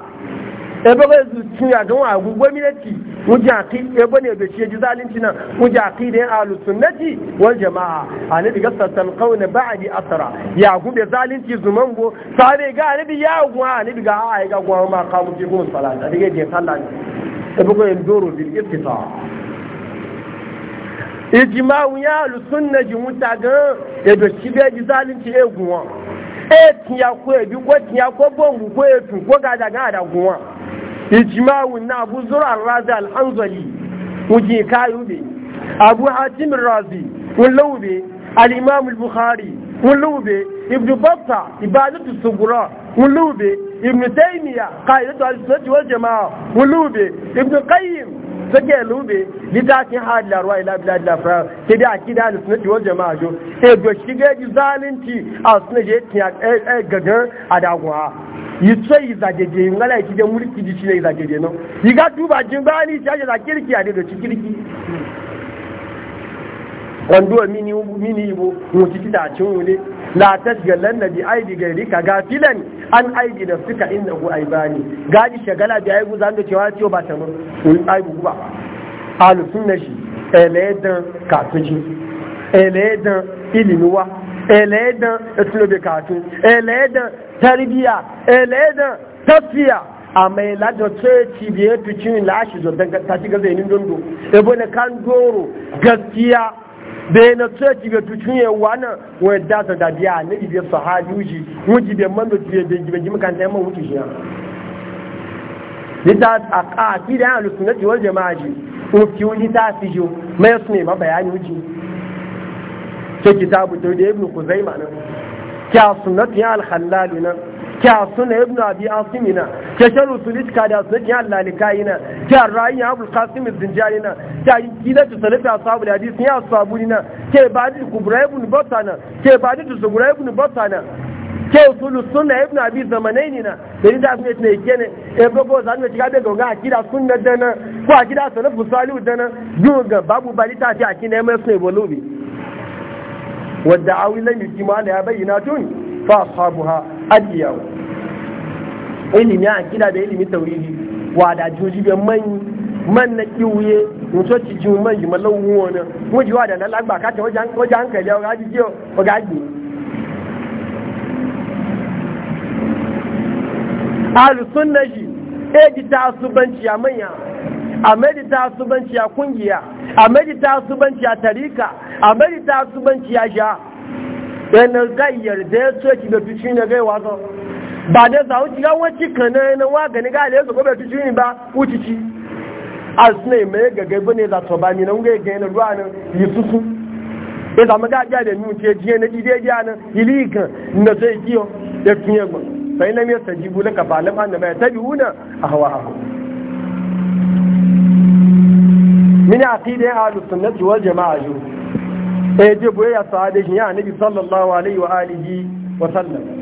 ebe ga zu tiya don agu gwamnati wujaki e ya bane da shi ji zalunci nan wujaki da yan ahlus sunnati wal jamaa ani diga satan qawna ba'di asra ya gube zalunci zumango sare ga ani ya gwa ani diga ai ga gwa ma ka mu ji gun salata diga je sallah ta e bugo en doro bil ittifa ijma'u ya ahlus sunnati mutaga ya e do shi be ji zalunci ya gwa e tiya ko e bi ko tiya ko bongu ko e tu ko ga da ga da gwa ijma'u na abu zura razi alhanzali wuji kayu be abu hatim razi wallau be al-imam al-bukhari wallau be ibnu batta ibadatu sugura wallau be ibnu taymiya qaidatu al-sunnah wal jama'a wallau be ibnu qayyim sake lube littafin hadlar wa ila bilad la fara ke da akida da sunnati wal jama'a jo e go shige zalunci a sunnati ya gagar adaguwa yitso izajeje ngala ikije mulki ji shine izajeje no yiga duba jimbani jaje da kirki ade da kirki wando mini mini bo mu titi da cin wule la tasgalan nabi aidi gairi ka gafilan an aidi da suka innahu aibani gaji shagala bi aibu zan do da cewa ciwo ba ta mun aibu ba alu sunna shi eledan katuji eledan ilimi wa eledan etulobe katu eledan tarbiya eledan tafiya a mai lajata cibiyar tucin lashi zo ta ci gaza yanin dondo ebo na kan doro gaskiya da yana tsoci ga tucin yawa nan wani dasa da biya na ibiyar su hali wuji wuji bai man da tuye bai gibe gimakan ta yamma wuce shi ni ta a ƙafi da yana lusunati wal jama'a ji ofi wuji ta fi jo mai su ne ma bayani wuji ke kitabu tauhid ibn kuzaima nan ke sunnati al-khallal nan ke sunna ibn abi asim nan ke sharu sulit ka da sunnati al-lalikai nan ke ra'ayi abul qasim az-zinjari nan ke kila kidatu salafi ashabu al hadith ya ashabu nan ke badi kubra ibn batta nan ke badi tusugura ibn batta nan ke usulu sunna ibn abi zamanain nan da ni da abin ne ke ne e bago zan ne tiga daga ga kida sunna dana ko akida salafu salihu dana duga babu balita ta akina mai sunna bolubi wadda awi lam yuqima la bayyana tun fa ashabuha adiyaw ilimi akida da ilimi tauhidi wa da juji be man man na kiwuye mutu ci ju man yi malawu wona mu ji wa da lalagba ka ta wajen wajen hankali ga ji ji ga ji e ji ta subanci a manya a mai ta subanci a kungiya a mai ta subanci a tarika a bari ta subanci ya sha yana gayyar da ya so ki da tuci na gaiwa zo ba da za wuce ga wacce kana na wa gani ga da zaɓo da tuci ne ba wucici asne me ga ga bane za to ba ni nan ga ga na ruwa nan yi yusufu ya zama ga ga da ni ce jiye na dide jiya nan ili ilikan na zai giyo ya tunye gwa sai na miyar me sajibu laka a hawa annaba mini a fi min aqidai ahlus na tuwar jama'a ɗaya je ya sa da shi ya nabi sallallahu alaihi wa alihi wa sallam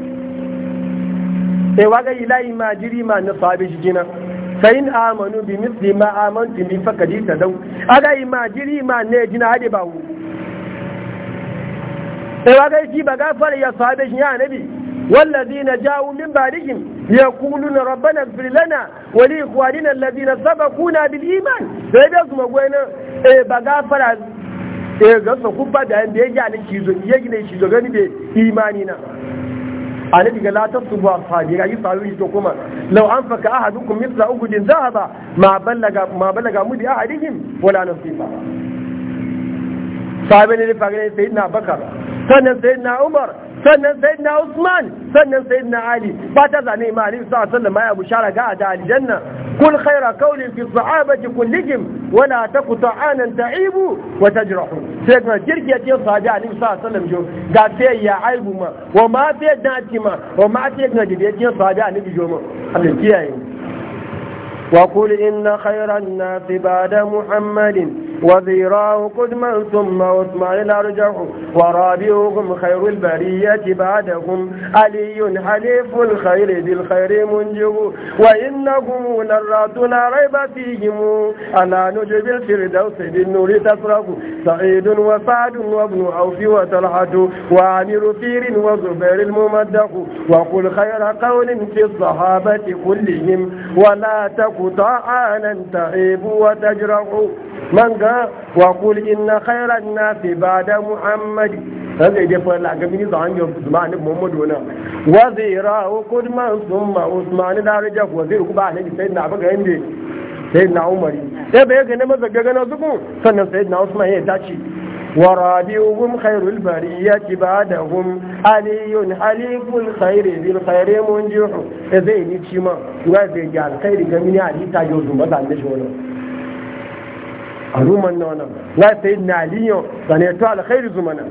E waga ilayi ma jiri ma na sahabi shi Sai sayin amanu bi misli ma aman ti bi faka ji ta dau aga yi ma jiri ma ne jina hade ba E ɗaya waga yi ba gafar ya sa da shi ya nabi wallazi na jawo min ba dikin ya kulu na rabbana filana wali ikwadina lalazi na saba kuna bil iman da ya biya su magwai na eh, ba gafara e ga su kubba da yanda ya gane shi zo ya gine shi zo gani da imani na annabi ga latar su ba sahabi ga yi sahabi to kuma law an faka ahadukum mithla ugudin zahaba ma ballaga ma ballaga mudi ahadihim wala nasifa sahabi ne fa ga sayyidina bakar sannan sayyidina umar sannan sai na Usman sannan sai na Ali ba ta zane ma Ali sallallahu alaihi wasallam ya bushara ga da aljanna kul khaira qawlin fi sahabati kullihim wa la taqta anan ta'ibu wa tajrahu sai ga kirkiya ce sahabi Ali sallallahu alaihi wasallam jo ga sai ya aibu ma wa ma sai da ma wa ma sai ga dibiya ce sahabi Ali jo ma Allah kiyaye وقل إن خير الناس بعد محمد وذيراه قدما ثم عثمان أرجح ورابعهم خير البرية بعدهم علي حليف الخير بالخير منجه وإنهم نرات لا ريب فيهم ألا نجب الفردوس بالنور تصرف سعيد وسعد وابن عوف وطلحة وعامر فير وزبير الممدح وقل خير قول في الصحابة كلهم ولا تكن طعانا تعيب وتجرع من قال وقل إن خير الناس بعد محمد هذا يجب أن لعقب نزعان يوم عثمان محمد هنا وزيراه قدما ثم عثمان دارجه وزيره بعد سيدنا أبو عندي sayyidina umari sai bai ga ne mazaga سيدنا zubu sannan sayyidina usman ya ورابعهم خير البرية بعدهم علي حليف الخير ذي الخير منجح زين تشما وزين جعل خير جميع علي تاجوز مبعد نشونه aluman na wannan la sayyidina aliyo sane to alkhairu zumana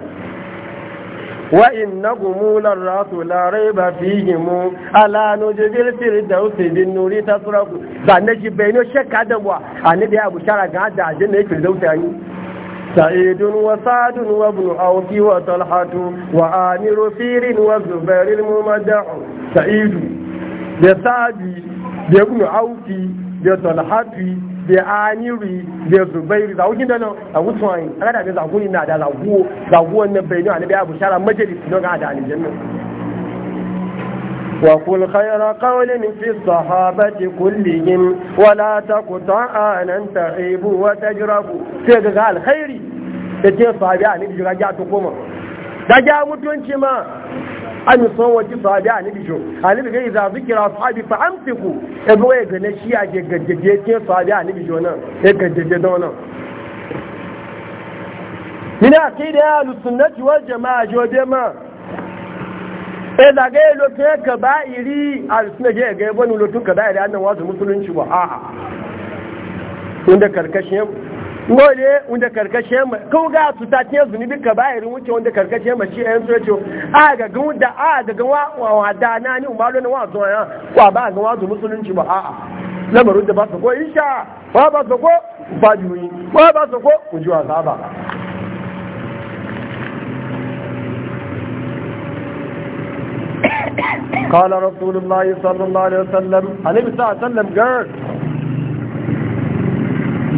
wa innakum la rasu la rayba fihim ala nujbil firdaus bin nuri tasraku sane shi bayno shakka da wa annabi abu shara ga da ajin سعيد وسعد وابن عوف وطلحة وآمر فير وزبير الممدع سعيد da sa'adi da ibn aufi da talhati da amiri da zubairi da wukin da nan a wucin wani an gada na da zaguwo na bai a da abu shara majalis na ga da Wa aljanna وقل خير قول في الصحابة كلهم ولا تقطع أن تعيب وتجرب ga alkhairi da ce sahabi a nabi shiga ja ta koma da ja mutunci ma an son waje sahabi a nabi shigo a nabi gai za su kira sahabi fa amsiku ya zo ya gane shi a ke gajjaje ce sahabi a nabi shigo nan ya gajjaje da nan. ina kai da ya lusunnati wal jama'a jode ma sai e da ga yalo ta ka ba'iri a suna je ga yabo ne lotun ka ba'iri annan wasu musulunci ba a'a tun da karkashin wale wanda karkashe mai kawo ga su ta ce zunubi ka bayarin wuce wanda karkashe ma shi yan soce a ga gan da a ga gan wa wa da na ni umaru na wa ya wa ba ga wa musulunci ba a a lamarin da ba su ko isha ba ba su ko ba juyi ba ba su ko ku ji wasa ba قال رسول الله صلى الله عليه وسلم النبي صلى الله قال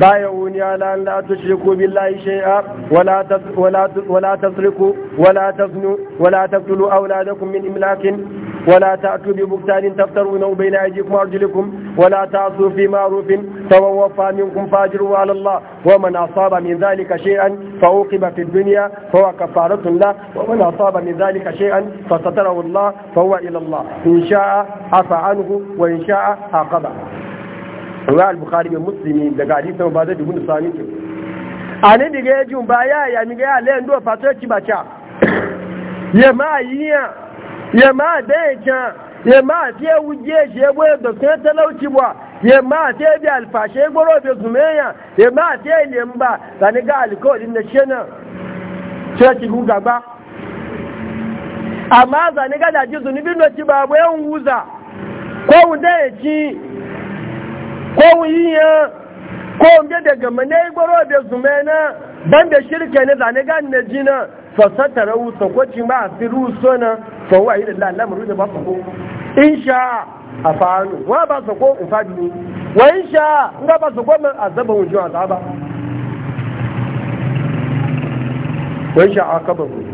لا يا على أن لا تشركوا بالله شيئا ولا ولا تسرقوا ولا تزنوا ولا تقتلوا أولادكم من إملاك ولا تأتوا ببكتان تفترونه بين أيديكم وأرجلكم ولا تعصوا في معروف فمن وفى منكم فاجروا على الله ومن أصاب من ذلك شيئا فأوقب في الدنيا فهو كفارة له ومن أصاب من ذلك شيئا فستره الله فهو إلى الله إن شاء عفى عنه وإن شاء عاقبه ruwa al-bukhari bin muslimi daga hadisin ba zai dubun sami ke a ne diga ya jun ba ya ya miga ya layan duwa fato ci ba ca ya ma yi ya e ya ma dai can ya ma fiye wuje shi ya goya da sun talauci ba ya ma fiye bi alfashe goro bi zumeya ya ma fiye lemba ga ni ga alkawarin na shenan sai ki guga ba amma zane ga da ji zunubin da ci ba bayan e wuza ko wunda ya e ci ko wuyiya ko nge daga yi gwaro da zume na ban da shirke ne zane gani na jina fasata rawu sakwaci ma a fi ruso na fawwa yi da lalamun da ba ko in sha a fa'anu wa ba sako in fadi ne wa in sha in ga ba sako min azaba a azaba wa in sha a kaba ku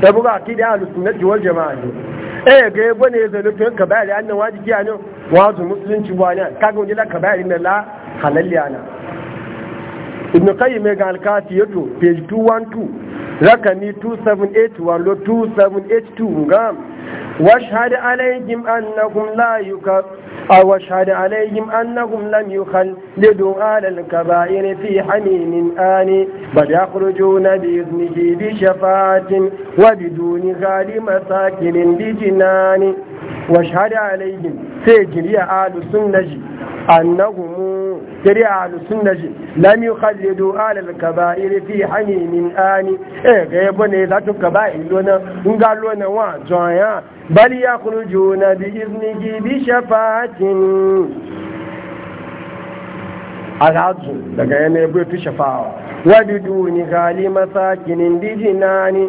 ta buga ki da lusunan jiwar jama'a ne eh ga yabo ne ya zalutun ka bayar da annan wajiki a nan wato musulunci ne kaga wani laka bayarin da la halalliya na ibn qayyim ga alkati yato page 212 rakami 2781 lo 2782 ga washhad alayhim annahum la yukab aw washhad alayhim annahum lam yukhal yukhallidu ala al-kaba'ir fi hamim ani bal yakhrujuna bi idnihi bi shafa'atin wa biduni ghali masakin bi jinani washhad alayhim sai jiriya ahlus sunnah annahum shari'a al-sunna ji lam yukhallidu ala al-kaba'ir fi hamimin ani eh ga yabo ne za tu kaba'ir lona in lona wa joya bal yakhrujuna bi iznihi bi shafa'atin alhazu daga yana ya bai fi shafa'a wadi duni gali masakinin dijina ne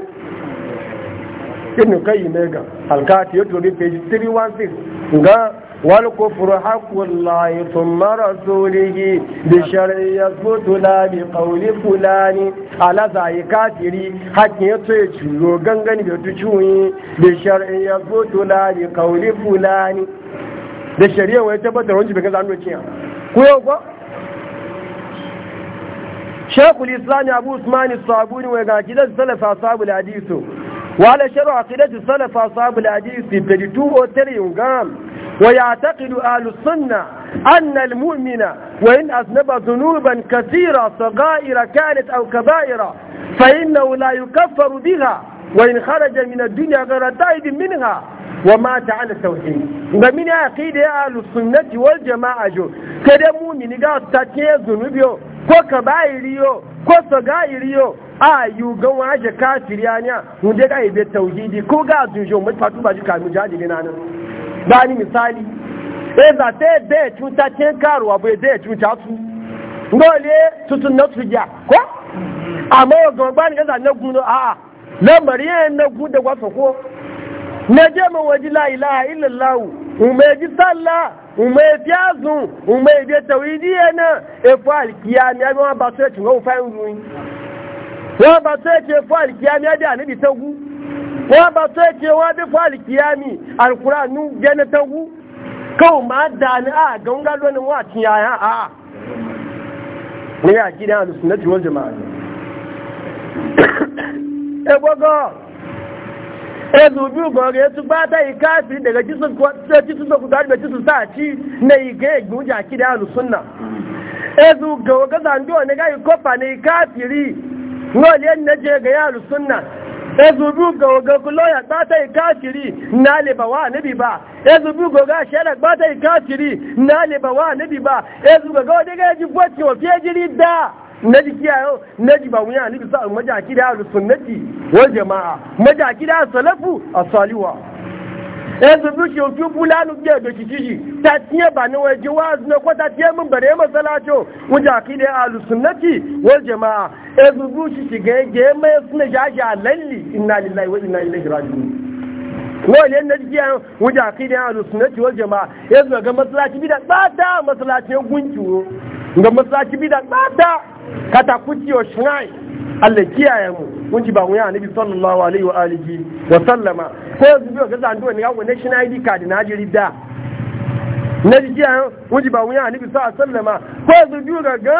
ibn kayyim ga alkati ya tori page 316 ga والكفر حق الله ثم رسوله بشر يثبت لا بقول فلان على ذا كافري حق يتوچو غنغن بتوچوي بشر يثبت لا بقول فلان da shari'a wai tabbatar wani bai zanu ciya ku yau ba shekul islam abu usman sabuni wai ga gidan salafa sabu hadisu wa ala sharh aqidatu salafa sabu gam ويعتقد أهل السنة أن المؤمن وإن أذنب ذنوبا كثيرة صغائر كانت أو كبائر فإنه لا يكفر بها وإن خرج من الدنيا غير تائب منها ومات على التوحيد ومن عقيدة أهل السنة والجماعة جو كده مؤمن قال تكيه ذنوبه كو kabairi yo ko sagairi yo a yu gan waje kafiriya ne mun dai ga ibe tauhidi ko ga azujo mun fatu ba ji kamu jadi ne nan gani misali e za ta yadda ya cuta cin karuwa bai zai cuta su dole tutun na suja ko amma ya gaba bani gaza na a? a'a lambari yana na gudu da wasa ko na je min waji la ilaha illallah umma ji sallah umma ji azun umma ji tawhidi yana e fa alkiyami amma ba sai ci ngo fa yin ruwi wa ba sai ci fa alkiyami da anabi tagu wọ́n bá tó ẹ̀kẹ́ wọ́n bí fàálì kìíyàmì alkùrá ní gẹ́nẹ́ kọ́ máa dáa ní àà lónìí wọ́n àti yàá na ní àkídá ya e e e tuba ta ikasi daga cikin sokuta da cikin sa'aci na iga egbun jaki da alusunna ezu ga wakaza ndo ne ga yi na ikasiri nwole na je ya alusunna ya zubu ga ogagun lawyer ba ta yi kafiri na liba wa nabi ba ya zubu ga oga shaidar ba ta yi kafiri na liba wa nabi ba ya zubu ga wadda ga yaji gwaci wa fiye jiri da na jiki a na ji ba wuya nabi sa'ar majaki da ya rusun naji wa jama'a majaki da salafu a saliwa yanzu duki ofi fulani ke da kici ta tiye ba ni waje wazi na kwata tiye min bare masalacho wuja ki da alu sunnati wal jama'a yanzu duki shi ga ga mai suna jaji alalli inna lillahi wa inna ilaihi raji'un wani yadda jiki yan wuja ki da alu sunnati wal jama'a yanzu ga bi da tsada masalacin gunki ga masalaci bi da tsada kata kuciyo shinai Allah kiyaye mu mun ji ba mu ya nabi sallallahu alaihi wa alihi wa sallama ko yanzu biyo ga zanduwa ne ga national ID card na jiri da na ji kiyaye mun ji ba mu ya nabi sallallahu alaihi wa sallama ko yanzu biyo ga ga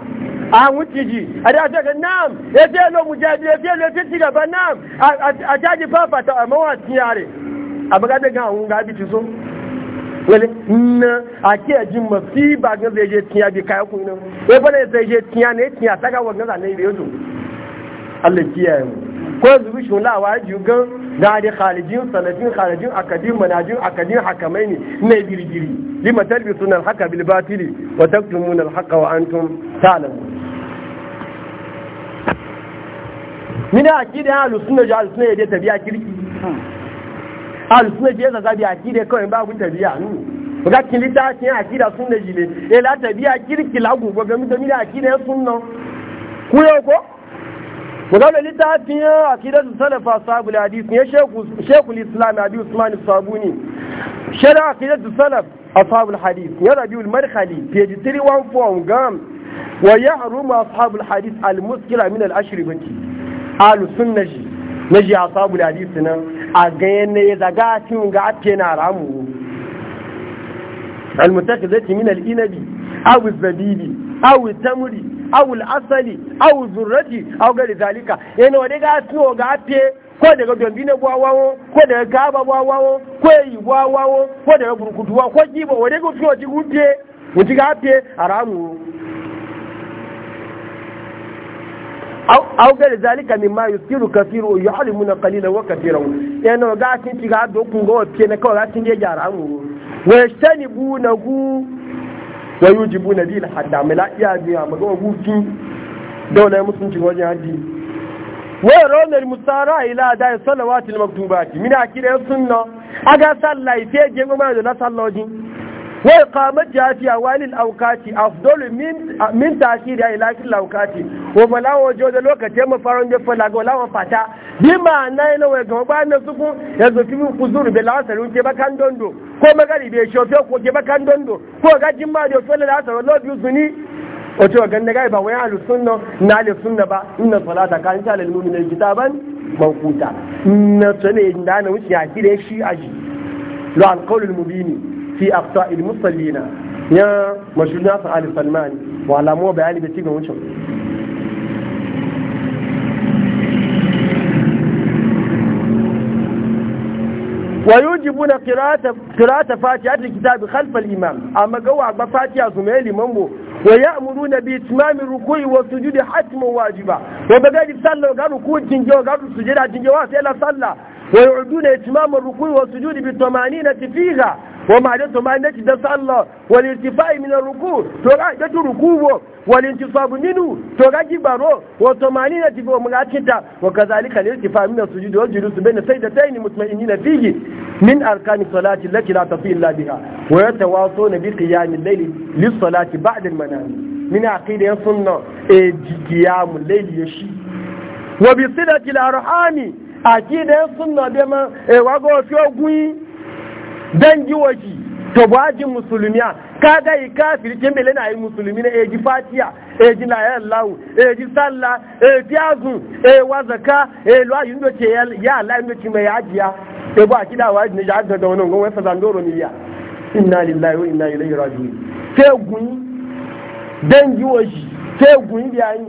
an wuce a da ta ga nam ya ce lo mujahidi ya ce lo ta ci gaba nam a caji fafata a mawacin yare a baka da ga an gabi ci so wani na, a ke ji mafi ba ga zai je tiya bi kaya kunan ya bane zai je tiya ne tiya ta ga wannan zane biyu to Allah kiyaye mu ko zubi shulawa gan gari khalijin salafin khalijin akadin manajin akadin hakamai ne ne girgiri lima talbisuna alhaqa bil batili wa taktumuna alhaqa wa antum ta'lamun min akida ahlus sunna ja ahlus sunna ya tabiya kirki ahlus sunna je zaza bi akida kawai ba ku tabiya nu ga kin litafi akida sunna jile eh la tabiya kirki la gugo ga mi da akida sunna ku yo ko mugabe littafin a kidan salafa sabu da hadisi ya shekul islam abi usmanu sabuni shara a kidan salaf a sabu hadis ya rabi ulmarhali page 314 gam wa ya haruma a sabu hadis almuskila min al'ashirin baki alusun na ji a sabu da hadisi a ganyen na ya zaga cikin ga ake na ramu almutaka zai ci min al'inabi awu zabibi awu tamuri awul asali awul zurrati aw gari zalika yana wade ga tuwo ga ape ko daga dombi ne wawo, ko daga gaba wawo, ko yi wawo, ko daga burkutuwa ko jibo wade ga tuwo ji gute wuti ga ape aramu aw gari zalika ma yuskiru kathiru yu'alimuna qalilan wa kathiran yana ga tin ti ga dokun go ape ne kawai ga tin je jaramu wa na gu wayo jibu na dila hada mai la'iya biya maga wuki daula musulunci wajen haji wa ranar musara ila da salawatil maktubati min akida sunna aga ya fiye je goma da na salloji wa iqamat jati awalil awqati a min min ta'khiri ila kil awqati ko malawo jo da lokacin mafaron faron da fala ga lawa fata bima na ila wa ga ba na suku yanzu kimi kuzur bil asr ba bakan dondo ko magari bai shofe ko ke bakan dondo ko ga jimma da sallah da asar wallahi biyu suni to ga ganda gai ba wai ahlu sunna na ahlu sunna ba inna salata kan ta lil al kitaban mawquta inna sunna inda na wuci ya kire shi aji lo al qawl al mubin fi aqta al musallina ya mashuna sa al salman wa alamu bayani bi cikin wucin ويوجبون قراءة قراءة فاتحة الكتاب خلف الإمام أما جوع بفاتحة زميل الإمام ويأمرون بإتمام الركوع والسجود حتما واجبا وبقال صلى وقالوا ركوع تنجو قالوا سجود تنجو وقالوا صلى ويعدون إتمام الركوع والسجود بالطمانينة فيها ومعدته ما نجد صلى والارتفاع من الركوع توغا جتو والانتصاب منه توغا جبارو وطمانينة تبو مغاتشتا وكذلك الارتفاع من السجود والجلوس بين السيدتين مطمئنين فيه من أركان الصلاة التي لا تصل إلا بها ويتواصون بقيام الليل للصلاة بعد المنام من عقيدة صنة إيه قيام الليل يشي وبصلة الأرحام عقيدة سنة بما إيه وقوة في dangi waji to wajin musulmi ka ga yi kafiri kin bele na yi musulmi na eji fatiya eji la ya allah eji salla e tiazu e wazaka e lo ayu ndo ce ya allah ndo ce mai ajiya e ba kida waji ne ja da wannan gon wasa zandoro ni ya inna lillahi wa inna ilaihi raji'un sai gun dangi waji sai gun biyayi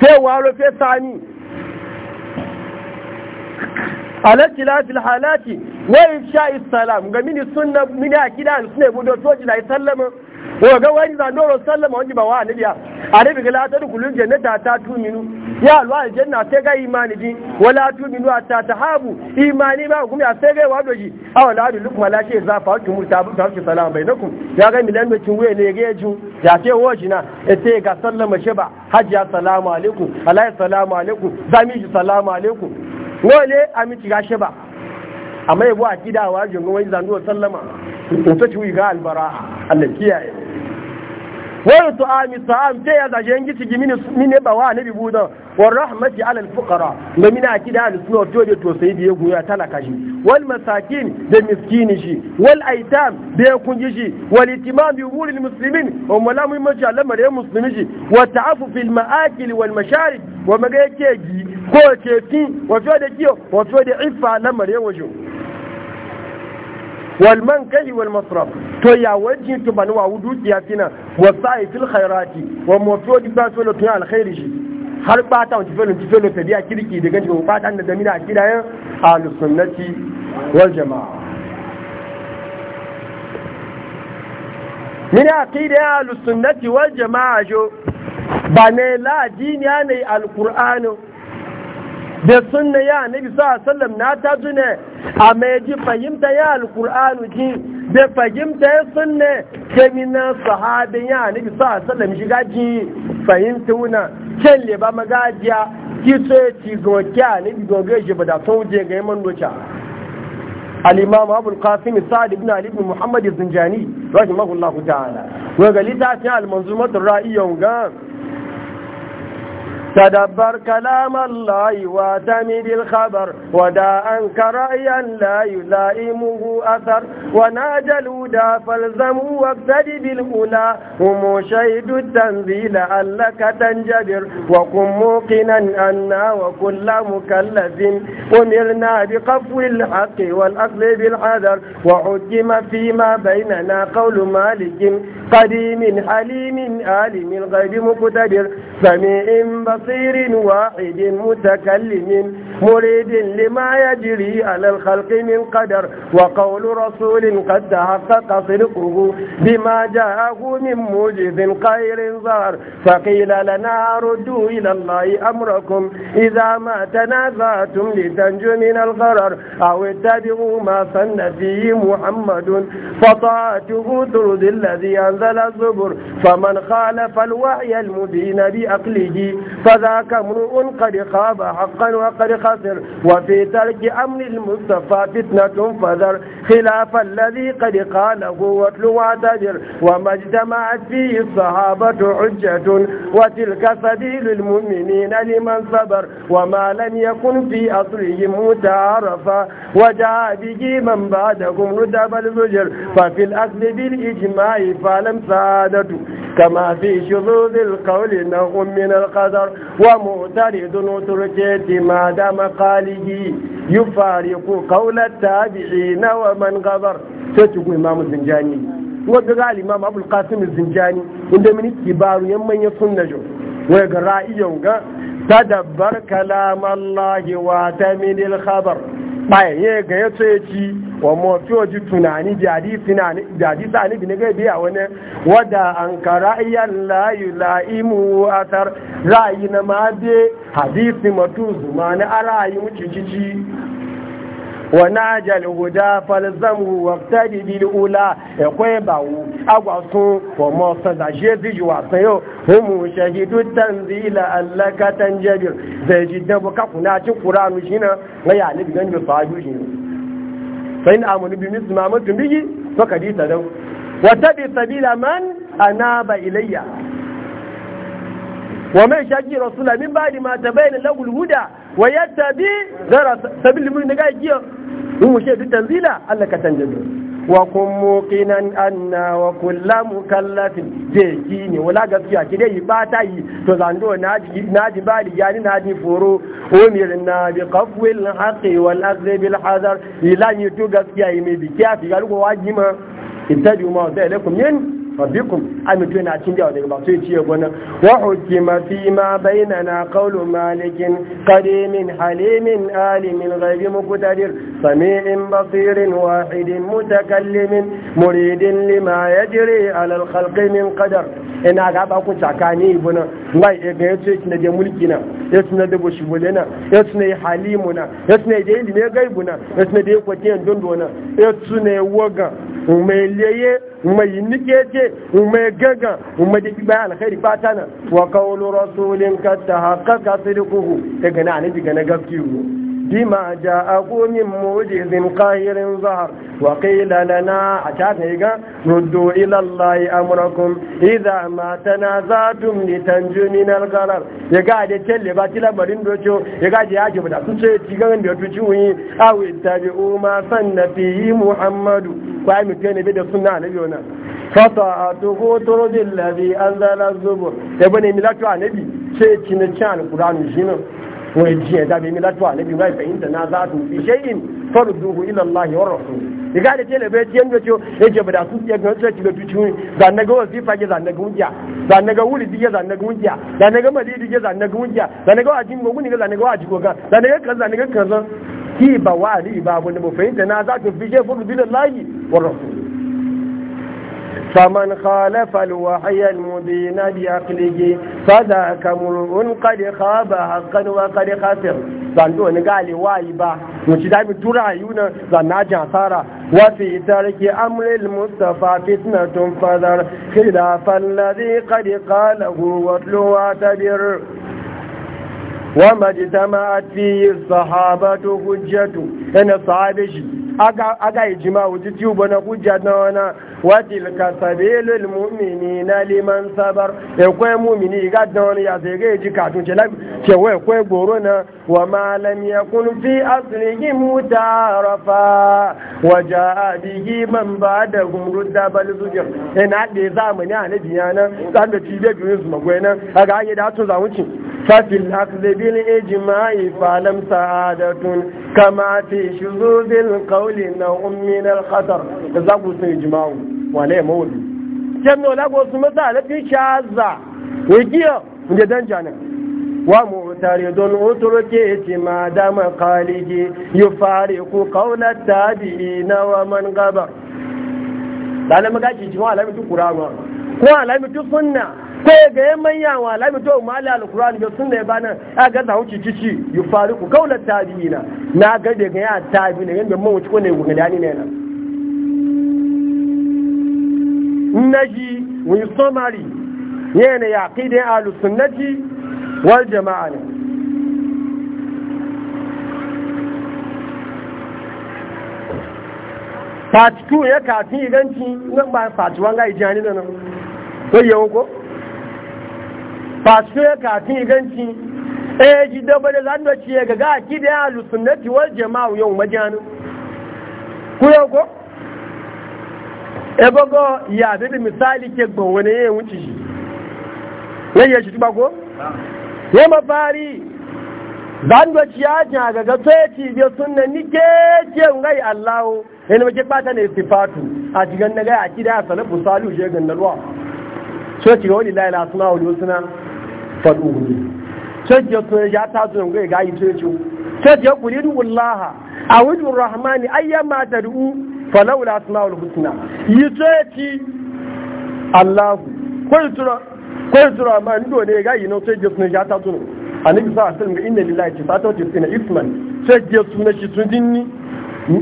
sai waro sai sani alati lafil halati wa ifsha'i salam ga mini sunna mini akida sunna budo toji la sallama wa ga wani za doro sallama wani ba wa anabiya arabi ga la tadkhulul jannata ta tuminu ya alwa aljanna sai ga imani din wala tuminu ta tahabu imani ba kuma ya sai ga wado ji aw la adu lukum la shay zafa fa tumur ta ta shi salam bainakum ya ga milan da cinwe ne ga ju ya ce woji na ete ga sallama shi ba hajja salamu alaikum alayhi salamu alaikum zami shi salamu alaikum wale a miki gashi ba amma yabo a kidawa jingon wani zanduwa sallama in ta ga albara Allah kiyaye wani tu'ami a ce ya zaje yanki ciki mini ba wa nabi buda wa rahmati ala alfuqara da mina kida al sunna to da to sai biye talaka shi wal masakin da miskini shi wal aitam da kunji shi wal itimam bi umuri al muslimin muhimmanci al'amari ya muslimi shi wa ta'afu fil ma'akil wal masharib wa maga yake gi ko ce fi wa to da ifa al'amari ya wajo Walman kai wal masraf to ya waji to bani wa wudu ya fina wa sa'i fil khairati wa mawtu di ba to to al khairi shi har ba ta wanci felo ti felo ta biya kirki daga cikin ba ta da mina kidayen ahlus sunnati wal jamaa min aqida ahlus sunnati wal jamaa jo bane la dini ne al qur'anu da sunna ya annabi sallallahu alaihi na ta zune a mai ji fahimta ya alqur'anu ji da fahimta ya sunna ke mina sahabin ya annabi sallallahu alaihi shiga ji fahimta wuna, kelle leba magajiya ki so ya ci go a ne bi go gaje ba da je ga man docha al-imam abu al-qasim sa'd ibn ali ibn muhammad az-zinjani rahimahullahu ta'ala wa galita ta al-manzumat ar-ra'iyyah تدبر كلام الله واعتمد الخبر ودا أنك رأيا لا يلائمه أثر وناجى الهدى فالزموا وابتدي بالأولى هم شهد التنزيل ألك تنجبر وكن موقنا أنا وكل مكلف أمرنا بقفو الحق والأقل بالحذر وحكم فيما بيننا قول مالك قديم حليم آلم الغيب مقتدر سميع بصير واحد متكلم مريد لما يجري على الخلق من قدر وقول رسول قد تحقق صدقه بما جاءه من موجز خير ظهر فقيل لنا ردوا إلى الله أمركم إذا ما تنازعتم لتنجو من الغرر أو اتبعوا ما سن فيه محمد فطاعته ترضي الذي أنزل أنزل الزبر فمن خالف الوعي المبين بأقله فذاك امرؤ قد خاب حقا وقد خسر وفي ترك أمر المصطفى فتنة فذر خلاف الذي قد قاله واتل واعتذر وما اجتمعت فيه الصحابة حجة وتلك سبيل المؤمنين لمن صبر وما لم يكن في أصلهم متعارفا وجاء به من بعدهم ندب الزجر ففي الأصل بالإجماع فلا ولم سادته كما في شذوذ القول نوع من القدر ومعترض وتركيت ما دام قاله يفارق قول التابعين ومن غبر تتقوا إمام الزنجاني وقال الإمام أبو القاسم الزنجاني عندما كبار يمن يصنجوا جو ويقرأ رأيهم تدبر كلام الله واتمن الخبر bayaye ga ya tsoye ci wa mafiyoji tunani jadisa ni bi na gaibe a wani wadda an ka ra'ayyar layu la'imu atar ra'ayi na ma be hadisi matu zuma na a ra'ayi mucicici wọnájẹl ọjọ afọlẹsẹmù ọtẹbi bíi ọlá ẹkọ ẹbàwọ agbàsún ọmọ sọdá jésù yìí wà sẹyọ ọmọ ṣẹyìn tó tẹnzi ilẹ alẹkẹtẹ njẹbi bẹẹjì dẹbọ kakùnà àti kuranu jìnnà wọn yà alẹbi gbẹnjọ fàájú jìnnà sẹyìn amúnú bíi mísìmọ amúntún bíyì sọkàdì sẹdẹw wọtẹbi sẹbi lamẹn anaba ilẹyà wọmọ ìṣẹjì rọṣùlẹ mímbàdì máa tẹbẹyìn lẹwùlúwúdà wa yattabi zara sabili mun daga giya mun mu shedu tanzila Allah ka tanjido wa kun muqinan anna wa kullu mukallafin je ki ne wala gaskiya ki dai bata yi to zando naji naji bali ya yani naji foro umirna bi qafwil haqi wal akhd bil hazar ila yitu gaskiya yi mai bi kiya fi galugo wajima ittabi'u ma wa alaikum min rabbikum amintu yana cin jawo daga basu ciye gwanan wa hukima fi ma bainana qawlu malikin qadimin halimin alimin ghaibi muqtadir sami'in basirin wahidin mutakallimin muridin lima yajri ala al-khalqi min qadar ina ga ba ku tsakani ibuna ngai e ga yace kin da mulki na yace na da boshibole na yace ne halimu na yace ne da ilimi gaibuna yace ne da kwatin dondona yace ne waga umeleye mai nike ce mai gaga mai da kiba alkhairi fata na wa qawlu ka kad tahaqqaqa sidquhu daga e gana a nijiga na gaskiyo بما جاءكم من موجز قاهر ظهر وقيل لنا أتاتيك ردوا إلى الله أمركم إذا ما تنازعتم لتنجو من الغرر يقعد يتلي باتلا مرين دوشو يقعد يعجب دا سوشي تيغان دي أو اتبعوا ما سن فيه محمد وعيم كان يبدأ سنة نبينا فطاعته ترد الذي أنزل الزبر يبني ملاكو عن نبي شيء تنشان القرآن الجنة Wai wajiya da mai milatu na nabi wai fahimta na za a su fi shayin faru duhu ila Allah ya warrafu ya ga da ce da bai yanda ce ya ce bada su ya ga su ci da tuci za wa ga wazifa ya za na ga wuya za na ga wuri ya za na ga wuya za na ga malidi ya za na ga wuya za na ga wajin gogu ne za na ga waji goga za na ga kaza na ga kaza ki ba wali ba bu ne mu fahimta na za su fi shayin faru duhu ila Allah ya warrafu فمن خالف الوحي المبين بعقله فذاك مرء قد خاب حقا وقد خسر zando ni gali wayi ba wuci da mi tura yuna zanna jan sara wa fi tarki amril mustafa fitnatun fadar khilafan ladhi qad qalahu ma jitama fi to hujjatu ina sahabe shi aga jima wuti ci ubo na hujja na wana watil mumini na liman sabar e mu'mini ga da wani ya sai ga ji katun ce labi ce goro na wa ma ya kun fi aslihi mutarafa wa jaa bihi man ba'da gumrudda bal zujr ina de zamani annabi yana dan da ci da biyu su magwai na, aga yi da tun ففي الأخذ بالإجماع فعلم سعادة كما في شذوذ القول نوع من الخطر تزاقوا سيجمعوا وليه مولي كم نولاقوا سمسا لفي شازة ويجيه من جدان جانا ومعترض أترك اعتماد مقاله يفارق قول التابعين ومن غبر lalama gashi jima'a lamitu kurama ko lamitu sunna ko ga yan manya wa lami to ma la alquran ga sunna ba nan a ga da wuce cici yu fariku kaula tabiina na ga da ga ya tabiina yanda mun wuce ko ne gudani ne nan naji mun somari yana ya aqidin ahlus sunnati wal jama'a ne Fatiku ya kafin iganci nan ba fatiwan ga ijani da nan. Wai yawon ko? fasu kafin ganci e ji daba da zan doci ya gaga a kida ya lusunnati wal jama'u yau majanin ku yau ko ebogo ya da misali ke gbon wani ya wuce shi ne ya shi ba ko ya mafari zan doci ya jan gaga to ya ci biyo sunna ni ke n ngai allahu yana mace fata ne istifatu a cikin na gaya a kida ya salafu salu shi ya gandalwa so ci ga wani lalata suna wani suna fad'uni sajja to ya ta zo ga ga yi to sajja qulidu wallaha awidu rahmani ayyama tad'u falawla asmaul husna yi to Allah ko tura ko tura ma ndo ne ga yi no sajja to ya ta zo annabi sallallahu alaihi ga inna lillahi tisata ce tisina isman sajja sunan shi sun dinni ni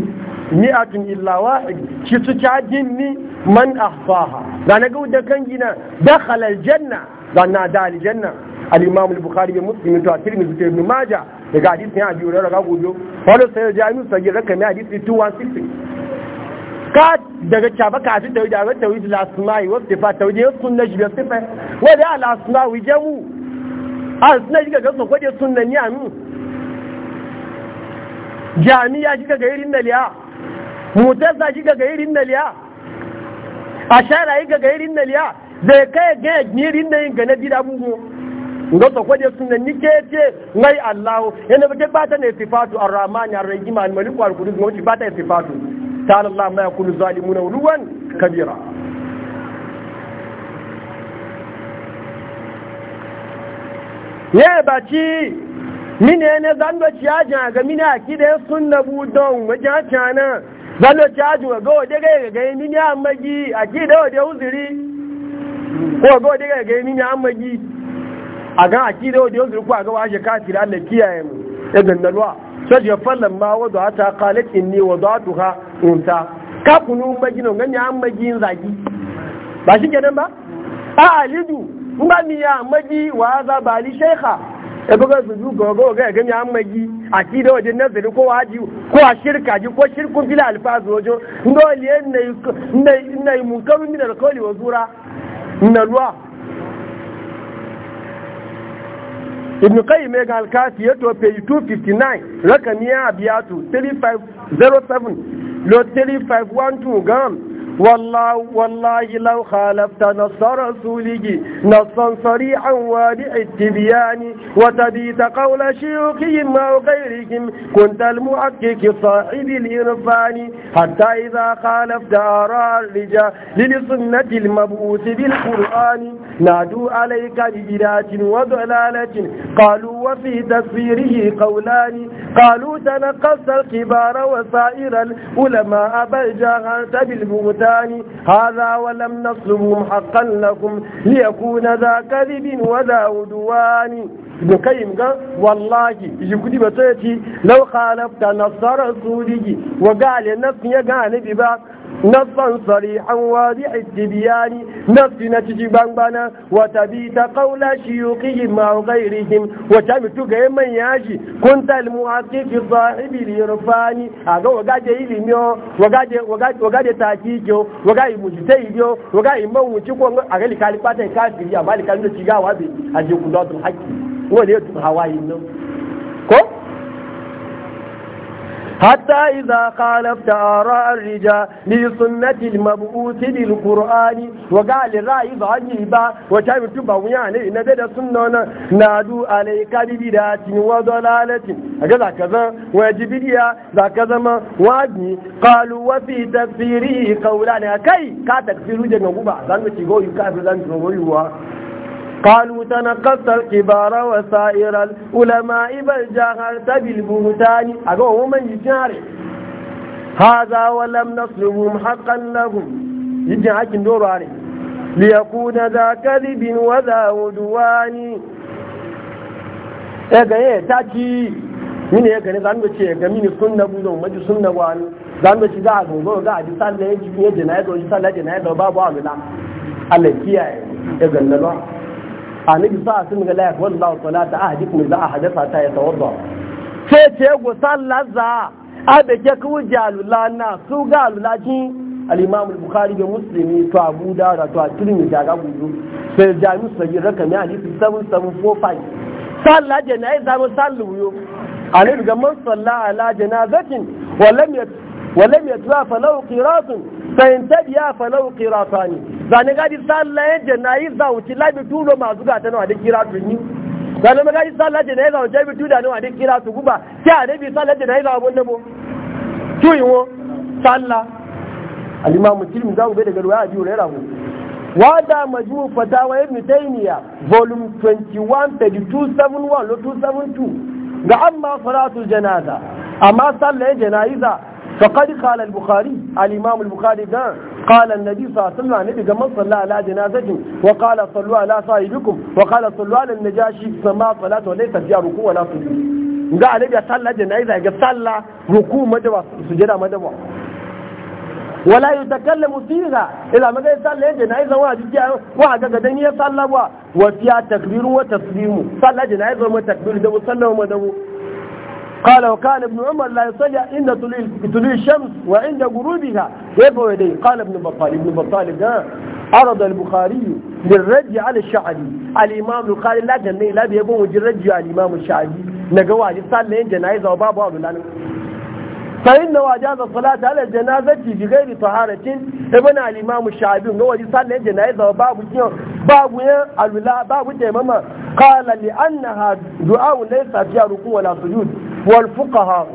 mi'atun illa wahid shi su cajin ni man ahsaha ga na gauda kan gina dakhala aljanna zanna da aljanna al-imam al-bukhari bi muslim to at-tirmidhi da ibn majah daga hadisi ya biyo daga gojo wala sai jami'u sai raka mai hadisi 216 ka daga chaba ka ji tawhid da tawhid al-asma'i wa sifat tawhid ya sunna ji sifa wa da al-asma'i jamu al-sunna ji ga so gode sunna ni amu jami'a ji ga irin naliya mutazza ji ga irin naliya ashara ji ga irin naliya zai kai ga girin da yin gane bida bugu nga to kwaje nike ce ngai allahu yana bake bata ne sifatu arrahman arrahim almalik wal qudus ngai bata sifatu ta allah ma yakunu zalimuna ulwan kabira ye baci mine ne zando ciyaja ga mine akide sunna budon wajen cana zando ciyaja ga wade ga ga mine amagi akide wajen huzuri. ko ga wadda ga gani an amagi a gan akida wadda yau zurku a ga washe kafin Allah kiyaye mu ya gandalwa sai ya fallan ma wadda hata qalat inni wadatuha unta ka kunu gani an ya amagi zagi ba shi kenan ba a alidu in ba mi ya amagi wa za bali shaykha e buga su ju gogo ga ga ya amagi akida wadda nazari ko waji ko a shirka ji ko shirkun fil alfazu wajo ndo liyan nay nay munkarun min alqawli wa zura na ruwa ibn qayyim ga alkafi ya to page 259 rakami ya abiyatu 3507 lo 3512 gam والله والله لو خالفت نص رسوله نصا صريحا وادع التبيان وتبيت قول شيوخهم أو غيرهم كنت المحقق صاحب الإرفان حتى إذا خالفت آراء الرجال للسنة المبعوث بالقرآن نادوا عليك بجلات وضلالة قالوا وفي تفسيره قولان قالوا تنقصت الكبار وسائر العلماء بل جاهرت بالمغتان الشتان هذا ولم نصبهم حقا لكم ليكون ذا كذب وذا عدوان ibn kayyim ga wallahi ji kudi ba sai ci law khalafta nasara sudiji wa ga le nas ya ga nabi ba نصا صريحا واضح التبيان نص نتجي بانبانا وتبيت قول شيوخهم أو غيرهم وشامت كيما ياشي كنت المعقف صاحب الإرفان أقول وقاعد إلمي وقاعد تاكيك وقاعد مجتهد وقاعد موت أقول لك على باتن كافر يا مالك أنه تجاوب أجيب دوت الحكي وليتم هواي النوم كو حتى إذا خالفت آراء الرجال لسنة المبعوث للقرآن وقال الرأي ضعيبا وشعب تبعو يعني إن نبدا سنة نادو عليك ببدات وضلالة هكذا كذا وجبريا كذا ما وادني قالوا وفي تفسيره قولان كي كا تكفير جنوبا ذنب تيغو يكافر ذنب تيغو قالوا تنقص الكبار وسائر العلماء بل جاهرت بالبهتان أقول من يجاري هذا ولم نصلهم حقا لهم يجي حق عليه ليكون ذا كذب وذا عدوان daga yaya mini ya gani zan ce ga mini sunna bu don maji sunna wa zan ci za a gogo ga a sallah ya ya jina ya zo ji ya jina ya zo babu alula Allah ya annabi sa sun ga layak wallahu salata ahadikum idza ahadatha ta yatawadda sai ce go sallaza da ke ku jalula na su ga alulaji al-imam al-bukhari da muslimi to abu da to at da ga gudu sai jami sai raka mi hadisi 7745 sallaje na yi zamu sallu yo annabi ga man salla ala janazatin wa lam yat ولم يدفع فله قيراط فإن تبيا فله قيراطان zane gadi sallayen janayi za wuce labi tulo masu gata nawa da kira su ni zane ma gadi sallayen janayi za wuce labi tulo nawa da kira su guba ki a nabi sallayen janayi za abun nabo tuyin wo salla alimamu tilmi za mu bai daga ruwa a biyu rera mu wada majmu fatawa ibn taymiya volume 21 page 271 lo ga amma salatul janaza amma sallayen janayi za فقد قال البخاري الإمام البخاري ده قال النبي صلى الله عليه وسلم النبي من صلى على جنازته وقال صلوا على صاحبكم وقال صلوا على النجاشي سما صلاة وليس فيها ركوع ولا سجود ga annabi sallah janaiza ga sallah ruku madawa sujada madawa wala yutakallamu fiha ila maga sallah janaiza wa jiya wa ga gadan ya sallah wa wa fiya takbiru wa taslimu sallah janaiza wa takbiru da sallah wa madawa قال وكان ابن عمر لا يصلي عند طلوع الشمس وعند غروبها كيف يديه قال ابن بطال ابن بطال ده عرض البخاري للرد على الشعبي الامام القاري لا جنيه لا بيبون الرد على الامام الشعبي نجوا على صلى جنازه وبابا ولا فإن وجاز الصلاة على الجنازة بغير طهارة ابن الإمام الشعبي هو صلى الجنازة وباب باب الولاء باب تيمم قال لأنها دعاء ليس فيها ركوع ولا سجود والفقهاء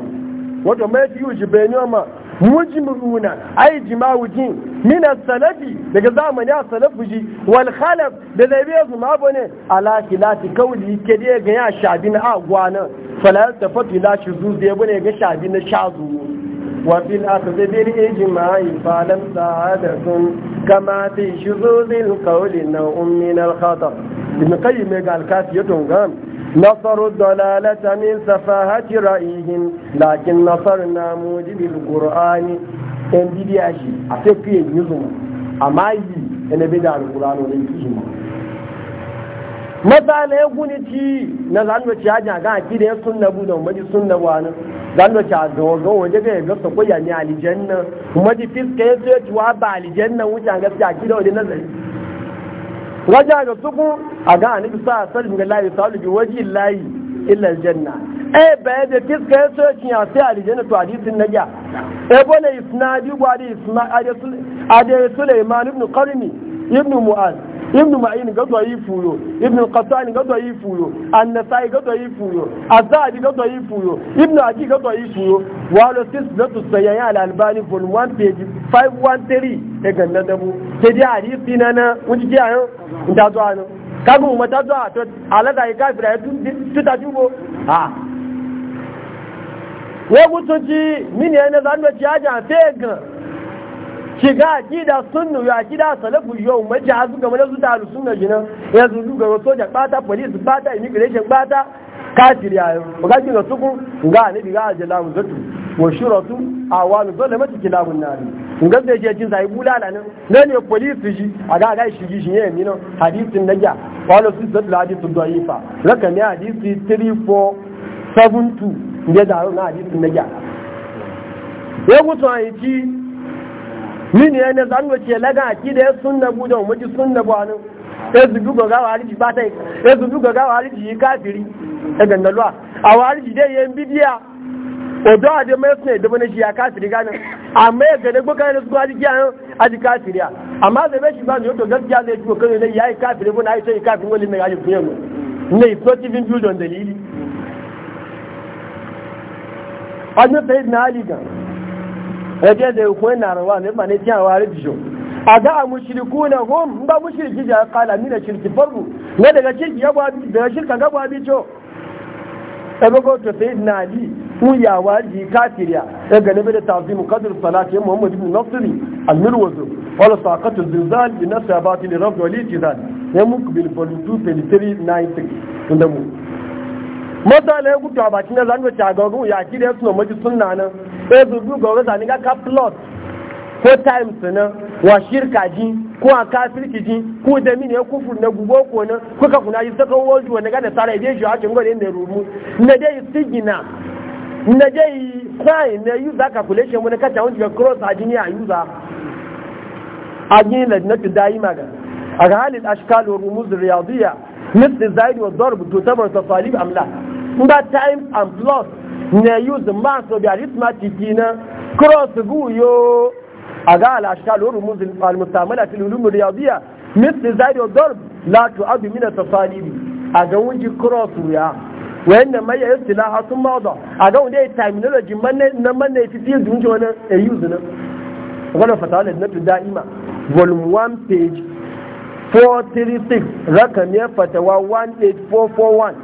وجمعت يوجب بينهما mujmiruna ai jima'u jin min as-salafi daga zamani as-salafu ji wal khalaf da zabiya su ma bane ala khilati kauli ke da ga ya shabi na agwana fala tafatu la shuzu da bane ga shabi na shazu wa fil akhdhir ijma'i falam sa'adatun kama fi shuzuzil qawli naw'un min al-khatar ibn qayyim ga al-kafiyatun gam نصروا الضلالة من سفاهة رأيهم لكن نصرنا موجب القرآن إن بدي أشي أتكي يزم أما يجي إن بدع القرآن وليكيهم مثال يقول تي نزال وشي أجا كان كده يسنة بودا ومجي سنة وانا zan da ta dogo waje ga yaga su koya ni alijanna kuma ji fiska yace wa ba alijanna wuce gaskiya kida wajen nazari wajen ga tuku a ga anibi sa salmi ga layi sa bi waji layi illa janna eh bai da fiska ya so cin ya sai aljanna to hadisin naja eh bone isnadi gwadi isma ade sulaiman ibn qarni ibn mu'az ibnu ma'in ga yi fuyo ibnu qasan ga yi fuyo an-nasai ga da yi fuyo azadi ga yi fuyo ibnu aki ga yi fuyo wa la tisdatu sayyan al-albani vol 1 page 513 daga nan dabu sai dai hadisi na na wuce ji ayo da zuwa no kaga mu mata zuwa to alada ya kafira tu ta jubo ha wo gutunci mini ne zan da ajan sai gan shiga gida sunnu ya gida salafu yau mace hasu game da su taru sunna jina ya zuru ga soja bata police bata immigration bata kafir ya yi ga gina suku ga ne diga ajala mu zatu wa shuratu awanu dole mace kilabun nari ngan da yake jin sai da nan nan ne police shi a ga ga shi shi ne mino hadisin naja wala su zatu hadithu da'ifa raka ne hadisi 3472 ne da na hadisin naja ya mutu a yi min ya ne zan wace laga aki da ya sunna bu mu ji sunna bu anan ya zubi ga gawa harji ba ta ya zubi ga gawa harji yi kafiri ya ganda a wa harji dai yan bidiya odo a dai mai da idan shi ya kafiri ganin amma ya gane gboka yana su harji kiyayen aji kafiriya amma zai bai shi ba ne to gaskiya zai ciwo kan ne ya yi kafiri bu na yi sai kafin wani na yaji fiye mu ne iflotivin bildon dalili. Ajiyar sai na aliga ẹjẹ́ da yi ikon narawa ne ma ne tí àwọn arìbìṣọ́ a ga a mushiriku na hom ba mushiriki da kala mina shirki farko ne daga shirki yaba daga shirka gaba bicho ebogo to sai na ali kun ya waji kafiriya daga e nabi da tazim qadr salati muhammad Muhammadu nasri al-mirwaz wala saqatu zilzal bi nafsi batil rabb wal itizal yamuk bil balutu 396 inda mu mata la yakutu abakin zan ga tagagun ya kire suna maji sunna nan ezuzu gwamnati sani ga ka plot ko times na wa shirka ji ko a kafirki ji ko da mini ya kufur na gubo ko na ko ka kuna yi ju woju na ga da sara ibe shi hakin gore ne rumu na dai sigina na dai sai na yuza calculation mun ka ta wani cross a jini a yuza a jini da na tudai maga a ga halil ashkal wa rumuz riyadiyya مثل الزايد والضرب تعتبر تصاليب أم لا؟ time and plus na yuzu masu da aritmatiki na cross guyo a ga alashkal wurin almustamala fil ulum riyadiyya misli zari dorb la tu'adu min at-tasalib a ga wuji cross ya wayannan mai istilaha sun mawda a ga wanda terminology na manne fi fi dunje wani e yuzu na wannan fatawa da natu da'ima volume 1 page 436 rakamiyar fatawa 18441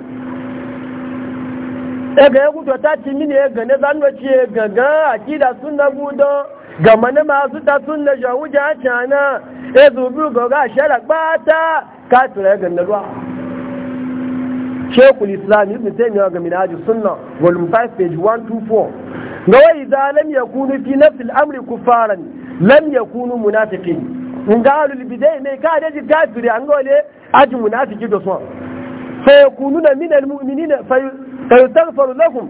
daga ya gudu ta ci mini ya gane zan wace gaga akida sunna gudo ga mana masu ta sunna jawu jacana ya e zubi a shara gbata, ka tura ya gane ruwa shekul islam ibn taymiyyah ga minhajus sunna volume 5 page 124 ga wai idza lam yakunu fi nafsi al-amri kufaran lam yakunu munafiqin ga alul bidai mai ka da kafiri an gole aji munafiki da so fa yakununa min al-mu'minina fa Ka ƙaitar farulakun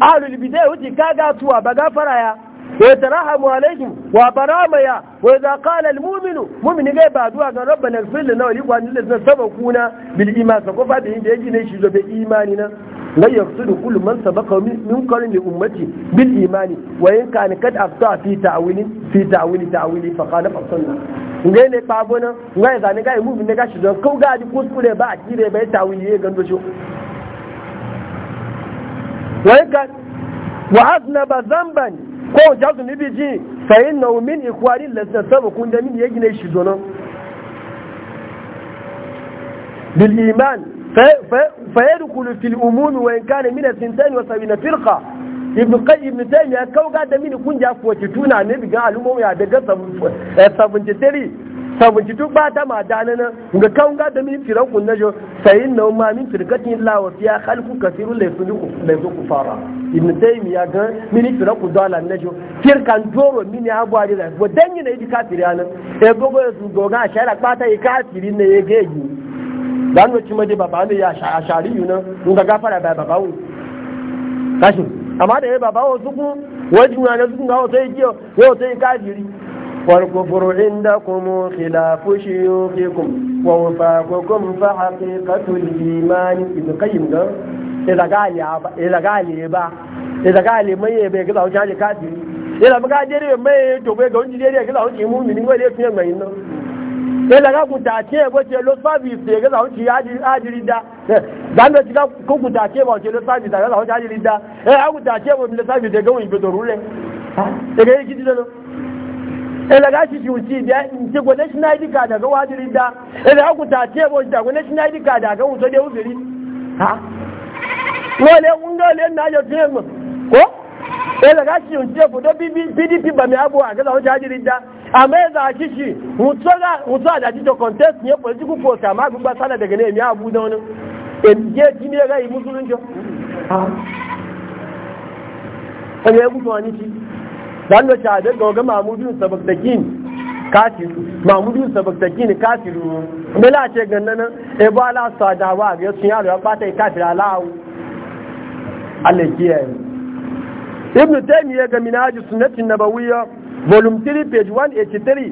alul bide wuce kagatuwa ba gafara ya raha tarahamu alaikin wa baramaya wa za kala almuminu mumini gai ba zuwa ga rabban alfil na wani kwanin da suna saba kuna bil iman sako fata yin da yake ne shi zobe imani na na yau su da kullum man saba min minkarin da umarci bil imani wa yin ka ni kada afta fi ta'awili fi ta'awili ta'awili fa kana fasan na nga ne babu na nga ya zani ga mumini ga shi don kau ga di kuskure ba a kire bai ta'awili ya gando shi wa aznaba zamban ko jazu nibi ji fa inna min ikwari lazina sabu kun min ya gina shi zono bil iman fa yadkhulu fil umum wa in kana min al-thintain wa sabina firqa ibn qayyim ibn taymiya kauga da mini kun ja 42 na bigan al'umma ya sabunci duk ba ta ma dana nan ga kan ga da min firan kun najo sayin na ma min firkatin la wa fiya khalqu kathiru la yusluku la yusluku fara ibn taymi ya ga min firan kun dala najo fir kan doro min ya abuwa da wa danyi na idi kafiri ana. e gogo ya su goga shara kwata yi kafiri ne ya geji dan wacce maje baba ne ya shari yuna in ga gafara ba baba wu kashin amma da ya baba wa suku wajen na suku ga wata yi kiyo wata yi kafiri والكفر عندكم خلاف شيوخكم ووفاقكم فحقيقة الإيمان ابن قيم ده إذا قال يا إذا قال يا با إذا قال لي ما يبي كذا وجعل كاتب إذا ما قال جري ما يتوبة قول جري كذا وجه مؤمن ولا يفهم ما ينو إذا قال كنت أشياء قلت له صابي في كذا وجه أجري أجري ده dan da ko ku dace ba ce lissafi da Allah wajen ajiyar da eh aku dace ba lissafi da gawin bidorule daga yake gidan ila ga shi juci biya in ce gwada shi na yi daga wajirin da ila ku ta ce bo shi da gwada shi na yi daga wuce da wuzuri ha wale kun ga le na ya ce mu ko ila ga shi juci ko da PDP ba mai abu a ga wajirin da amma ya za shi shi mutu da daji to contest ne political post amma gugba sana daga ne mai abu da wani je ji ne ga yi musulunci ha Wani ya gudu wani ci. dan da shahadar ga mamudu sabaktakin kafiru mamudu sabaktakin kafiru me la ce ganna nan e ba la sada wa ga sun yaro ya fata kafira lawo Allah kiyaye ibn taymiya ga minhaj sunnati nabawiyya volume 3 page 183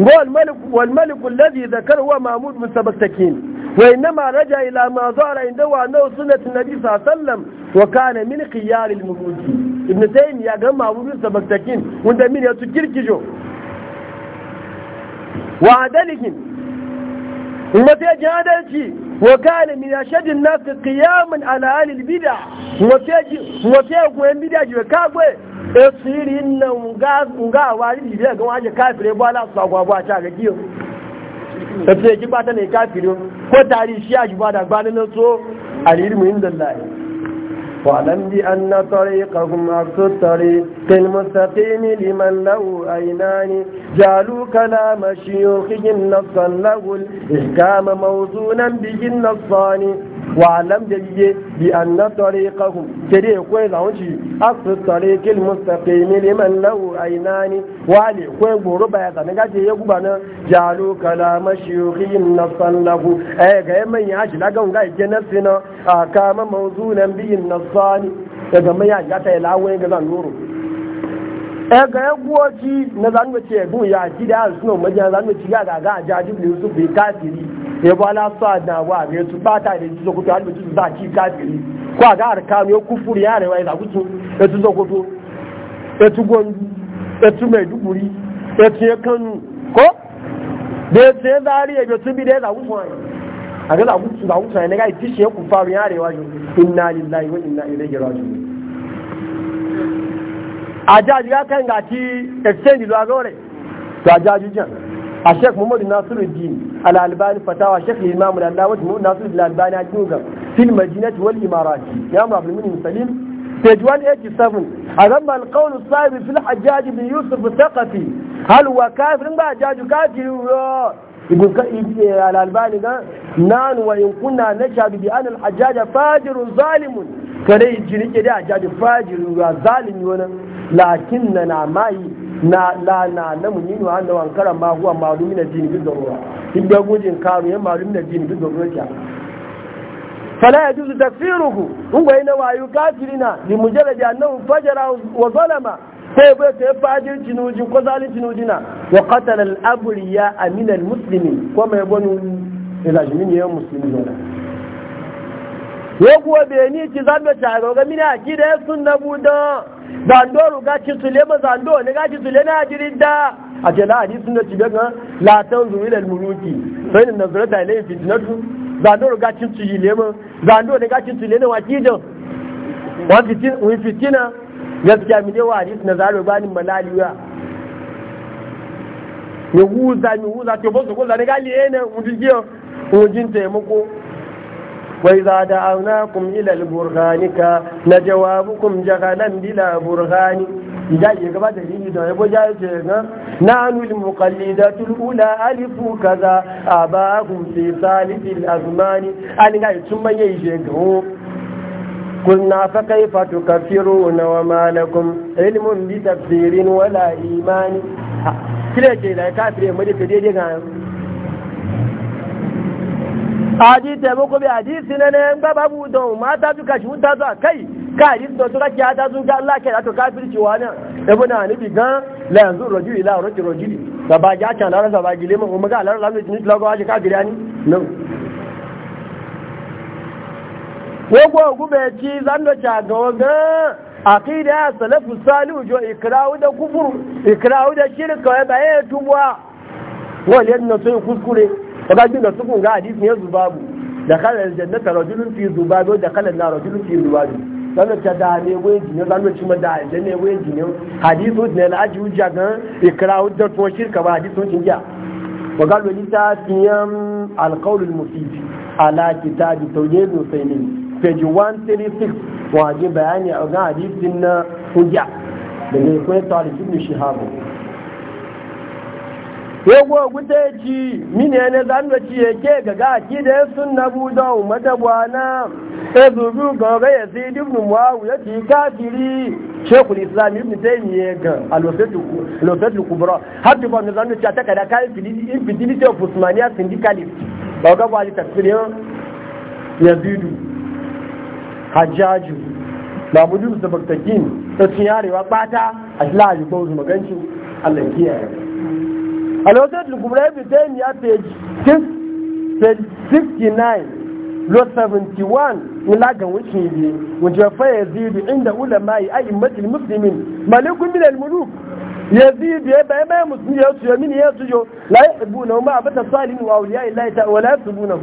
gol malik wal malik alladhi dhakara huwa mamud bin sabaktakin وإنما رجع إلى ما ظهر عنده أنه سنة النبي صلى الله عليه وسلم وكان من خيار الملوك ibn taymiya ga mamudu sabaktakin wanda min ya tu kirkijo wa adalihim kuma sai ji adalci wa kana min ashadin nas qiyaman ala ahli albid'a wa sai wa sai ku en bid'a ji ka gwe esirin na nga nga wari bi ga waje kafire ba la su agwa ba ta ga kiyo sai ki ba ta ne kafire ko tarihi shi ba da gbanin so alilmu indallahi واعلم بأن طريقهم عكس الطريق المستقيم لمن له عينان جعلوا كلام شيوخهم نصا له الإحكام موزونا به النصان wa lam jaye bi anna tariqahum kede ko da hunci asu tariqil mustaqim liman lahu aynani wa li ko goro baya da ga je yagu bana jalu kalama shuyukhin nasan lahu eh ga yamman ya shi daga ga ke nasina kama mawzunan bi nasani daga mai ya ga ta lawo ga zan nuru e ga yaguwaci na zanwace gun ya ji da suna majiya zanwaci ga ga ga jaji yusuf bai kafiri ya ba da wa ne su ba ta da jizo kuto halin su za kafiri ko a ga arkanu ya kufuri ya rewa ya kuto ya tu zokoto ya tu gwandu ya tu maiduguri ya ya kanu ko da ya zari ya bai tu da ya zagu suwa a ga zagu su zagu suwa ne ga iti shi ya kufaru ya rewa yi inna lillahi wa inna ilaihi raji'un a jaji ya kan ga ti exchange lo a to a jaji jan a shek muhammad Nasiru al al'albani fatawa sheikh imam al-allawah muhammad nasiruddin al-albani ajuga fil madinati wal imarati ya mu abdul munim salim page 187 azamma al-qawl as-sahib fil hajjaj bin yusuf al-thaqafi hal huwa kafir ba hajjaj ka ibn al-albani ga nan wa in kunna nashhadu bi anna al-hajjaj fajirun zalimun kare jirike da hajjaj fajirun zalimi wannan lakinna na mai na la na na mun yinu an lawan karan ma huwa ma'lum min bi din bi darura idan gujin karu ya ma'lum min ad-din bi darura ta fala yajuzu takfiruhu wa ina wa yukafirina li mujarrad annahu fajara wa zalama sai ba ta fajir cinuji ko zalin na, wa qatala al-abriya amina al-muslimin ko mai bonu ila jimin ya muslimin ne ko kuwa bai ni ki zamba ta ga mini akida sunna budan zandoro ga ci tule ma zando ne ga ci tule na jirin da a ce la hadisun da cibe kan latan zuwi da muluki sai da nazarar da ilayin fitinatu zandoro ga ci tule ma zando ne ga ci tule na wakijan wani fitina gaskiya mi wa hadis na zaro banin malaliya ya huza mi huza ke bosu ko zane gali ne mutu jiyo mujin taimako Waiza وإذا دعوناكم إلى البرهان na jawabukum jagalan bila burhani ya yi gaba da yi da yabo ya ce ga nanu lil muqallidatul ula alifu kaza abahum fi salifil azmani an ga tun man yayi je ga قلنا فكيف تكفرون وما لكم علم بتفسير ولا إيمان كلا شيء لا كافر مدى تدير Aji taimako bi hadisi ne ne in gaba bu don mata suka shi wuta zuwa kai ka hadisi da suka kiya ta su ga Allah ke da to kafirci wani ibn hanibi gan la yanzu rajuli la rajuli rajuli da ba ja can lara ba gile mun kuma ga lara lamu ni lagawa shi kafiri ani no wogo gube ci zando cha goga aqida salafu salihu jo ikrawu da kufur ikrawu da shirka ba ya tubuwa wal yadna sai kuskure kaga jin da sukun ga hadisi ne zubabu da kala jannata rajulun fi zubabu da kala na rajulun fi zubabu dan ta da ne wai jinyo dan mu cima da janne wai jinyo hadisu ne la aji hujja ga ikrahu da to shirka ba hadisu cin ja wa galu ni ta tiyam alqawl almufid ala kitab tawjid nusaymin page 136 wa ji bayani a ga hadisin na hujja da ne kuma talib ibn shihabu yago guta ci mini ne zan da ci ke ga ga ki da sun na buda ummata bwana sai e zubi ga ga mu wa muawiya ti kafiri shekul islam ibn taymiya ga alwafatu alwafatu kubra hadda ba zan da ci ta kada kai fili infidelity of usmania syndicalist ba ga ba tafsir yazid hajjaju babudu sabaktakin ta ciyarewa bata a shi lahaji su maganci allah kiyaye الوزارة الكبرى ابن تيمية page 69 لو 71 ملاقا وشيدي وجفا يزيد عند ما علماء أئمة المسلمين ما لكم من الملوك يزيد يبا يبا مسلم يسجو يمين يسجو لا يحبونه ما أبت الصالحين وأولياء الله تعالى ولا يحبونه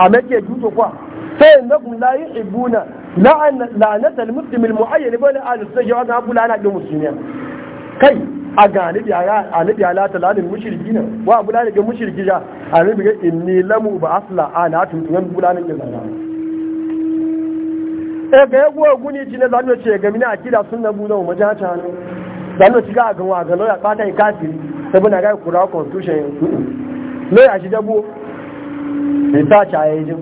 عملت يجوز قوة فإنكم لا يحبون لعنة المسلم المعين يقول أهل السجو أنا أقول أنا أقول مسلمين كيف a ga ala talalin mushirki ne wa abu lalaka mushirki ja anabi ga inni lamu ba asla ana tuntunan bulanin da zana e ga ya gowa guni ji na zanuwa ce ga mina akida sun na bula wa majiya ta hannu zanuwa ci ga a ganwa ga lauya fata ya kasi ta bana ga kura constitution ya kudu lauya shi dabo research a yajin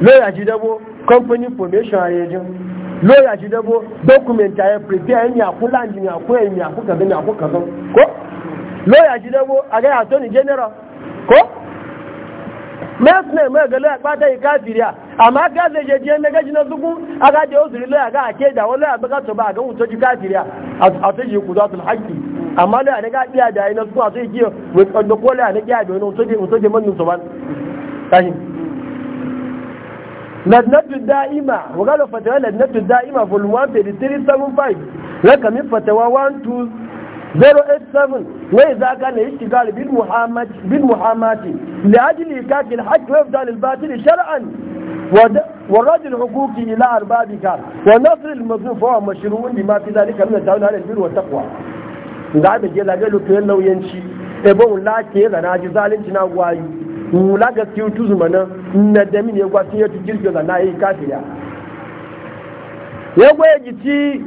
lauya shi dabo company formation a yajin lawyer shi dabo document ya prepare ni aku land ni aku ni aku kaza ni aku kaza ko lawyer shi dabo aga attorney general ko mesne me ga lawyer pata yi kafiriya amma ga zai je je na gaji na aga je o zuri lawyer ga ake da wala ba ba a ga biya a ji lannatu da'ima wakala fatawa lannatu da'ima vol 1.375 rakamin fatawa 12087 wai za ka na ishtigal bil muhammati da ajili kakin haƙƙi wafda lilbatil shar'an ورد الحقوق إلى أربابك ونصر المظلوم فهو مشروع لما في ذلك من التعاون على البر والتقوى ga da ke lagalu to yan lauyanci ebe un da na ji zalunci na gwayi mu laga tiyu tuzuma nan na da min ya gwatin ya tukir ga na yi kafira ya gwaye gici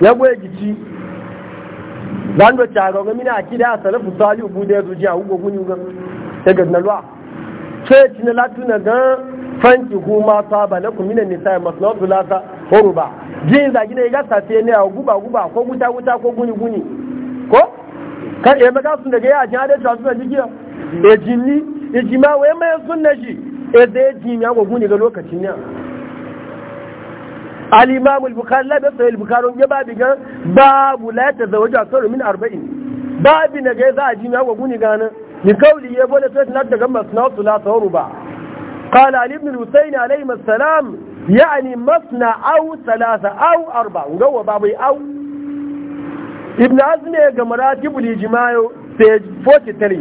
ya gwaye gici da taro ga mina akida a salafu salihu bude ya zuciya hugo ga sai na ga fanki kuma ta ba na kumina nisa masu na wasu lata zagi ya gasa ne a guba guba ko guta guta ko guni guni ko kan ɗaya maka sun daga yaji hada ta suna jigiya e jini e ma wai mai sun na shi e zai jini ya gwagu ne ga lokacin ya al-imam al-bukhari la bai al-bukhari ya babu ga babu la ta zawaja akthar min arba'in. babu na ga za a jini ya gwagu ne ga nan ni kauli ya bole sai na daga masna sula tawruba qala ali ibn al-husayn alayhi assalam yani masna au thalatha au arba ga wa babu au. ibn azm ya ga maratibul ijma'i page 43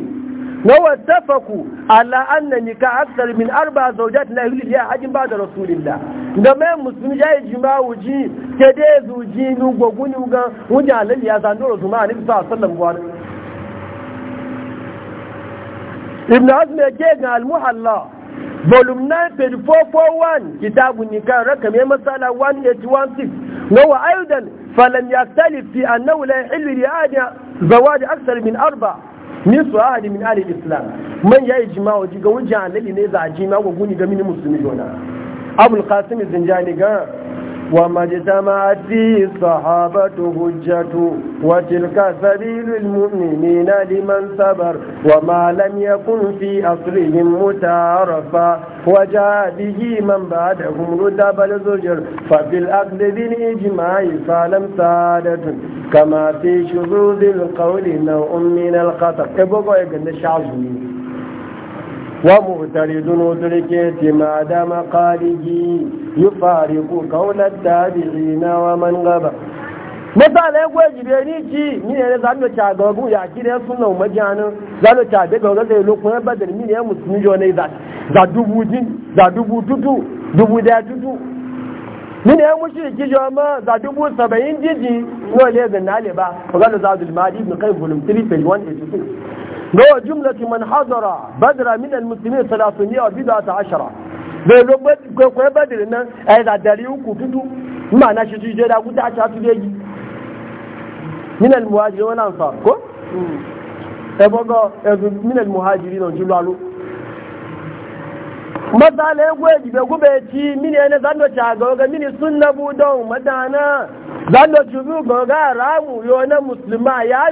wa wattafaqu ala anna nikah akthar min arba zawjat la yuhli ya ajin ba da rasulillah da mai musulmi ya ijma'u ji ke dai zuji nu goguni ga wujalal ya zandoro zuma annabi sallallahu alaihi wasallam ibn azm ya ga al-muhalla volume 9 page 441 kitabu nikah rakam ya masala 1816 wa aidan falam yaktalif fi annahu la yahillu li ahadin zawaj akthar min arba' nisu ahadi min ahli islam man ya yi jima'a ji ga wujan ne za a jima ga guni ga mini musulmi jona abul qasim zinjani ga وما اجتمعت فيه الصحابة هجة وتلك سبيل المؤمنين لمن صبر وما لم يكن في أصلهم متعرفا وجاء به من بعدهم رتب الزجر ففي الأخذ بالإجماع فلم سعادة كما في شذوذ القول نوع من الخطأ ابقوا يقول الشعب ومغترد مدركة ما دام قاله يفارق قول التابعين ومن غبى mọ́tàlá ẹgbẹ́ ìjìbẹ̀ ní ìjì ní ẹ̀rẹ́ zanọ́ta àgọ́gún yàkírẹ́ súnà òmọ́jánu zanọ́ta àgbẹ́gbẹ̀rẹ́ olókun ẹgbẹ̀dẹ̀ ní ẹ̀ mùsùlùmí yọ ní zàdúbù dúdú dúbù dẹ́ dúdú nínú yan mushi kijo ma za dubu saba'in jiji yau ne ga nale ba magana za zulmadi ibn kai volum 3 page 182 gawa jumlati man hadara badra min almuslimin salatuniya wa bidata ashara bai lo kwaye badiri nan a yi zadari uku tutu ma na shi tuje da guda ta tuje yi min almuhajiri wani ansa ko hmm. ebogo ezu min almuhajiri na julu alu masala ya gwe jibe gube ci mini yana zando mini sun na zando ramu musulma ya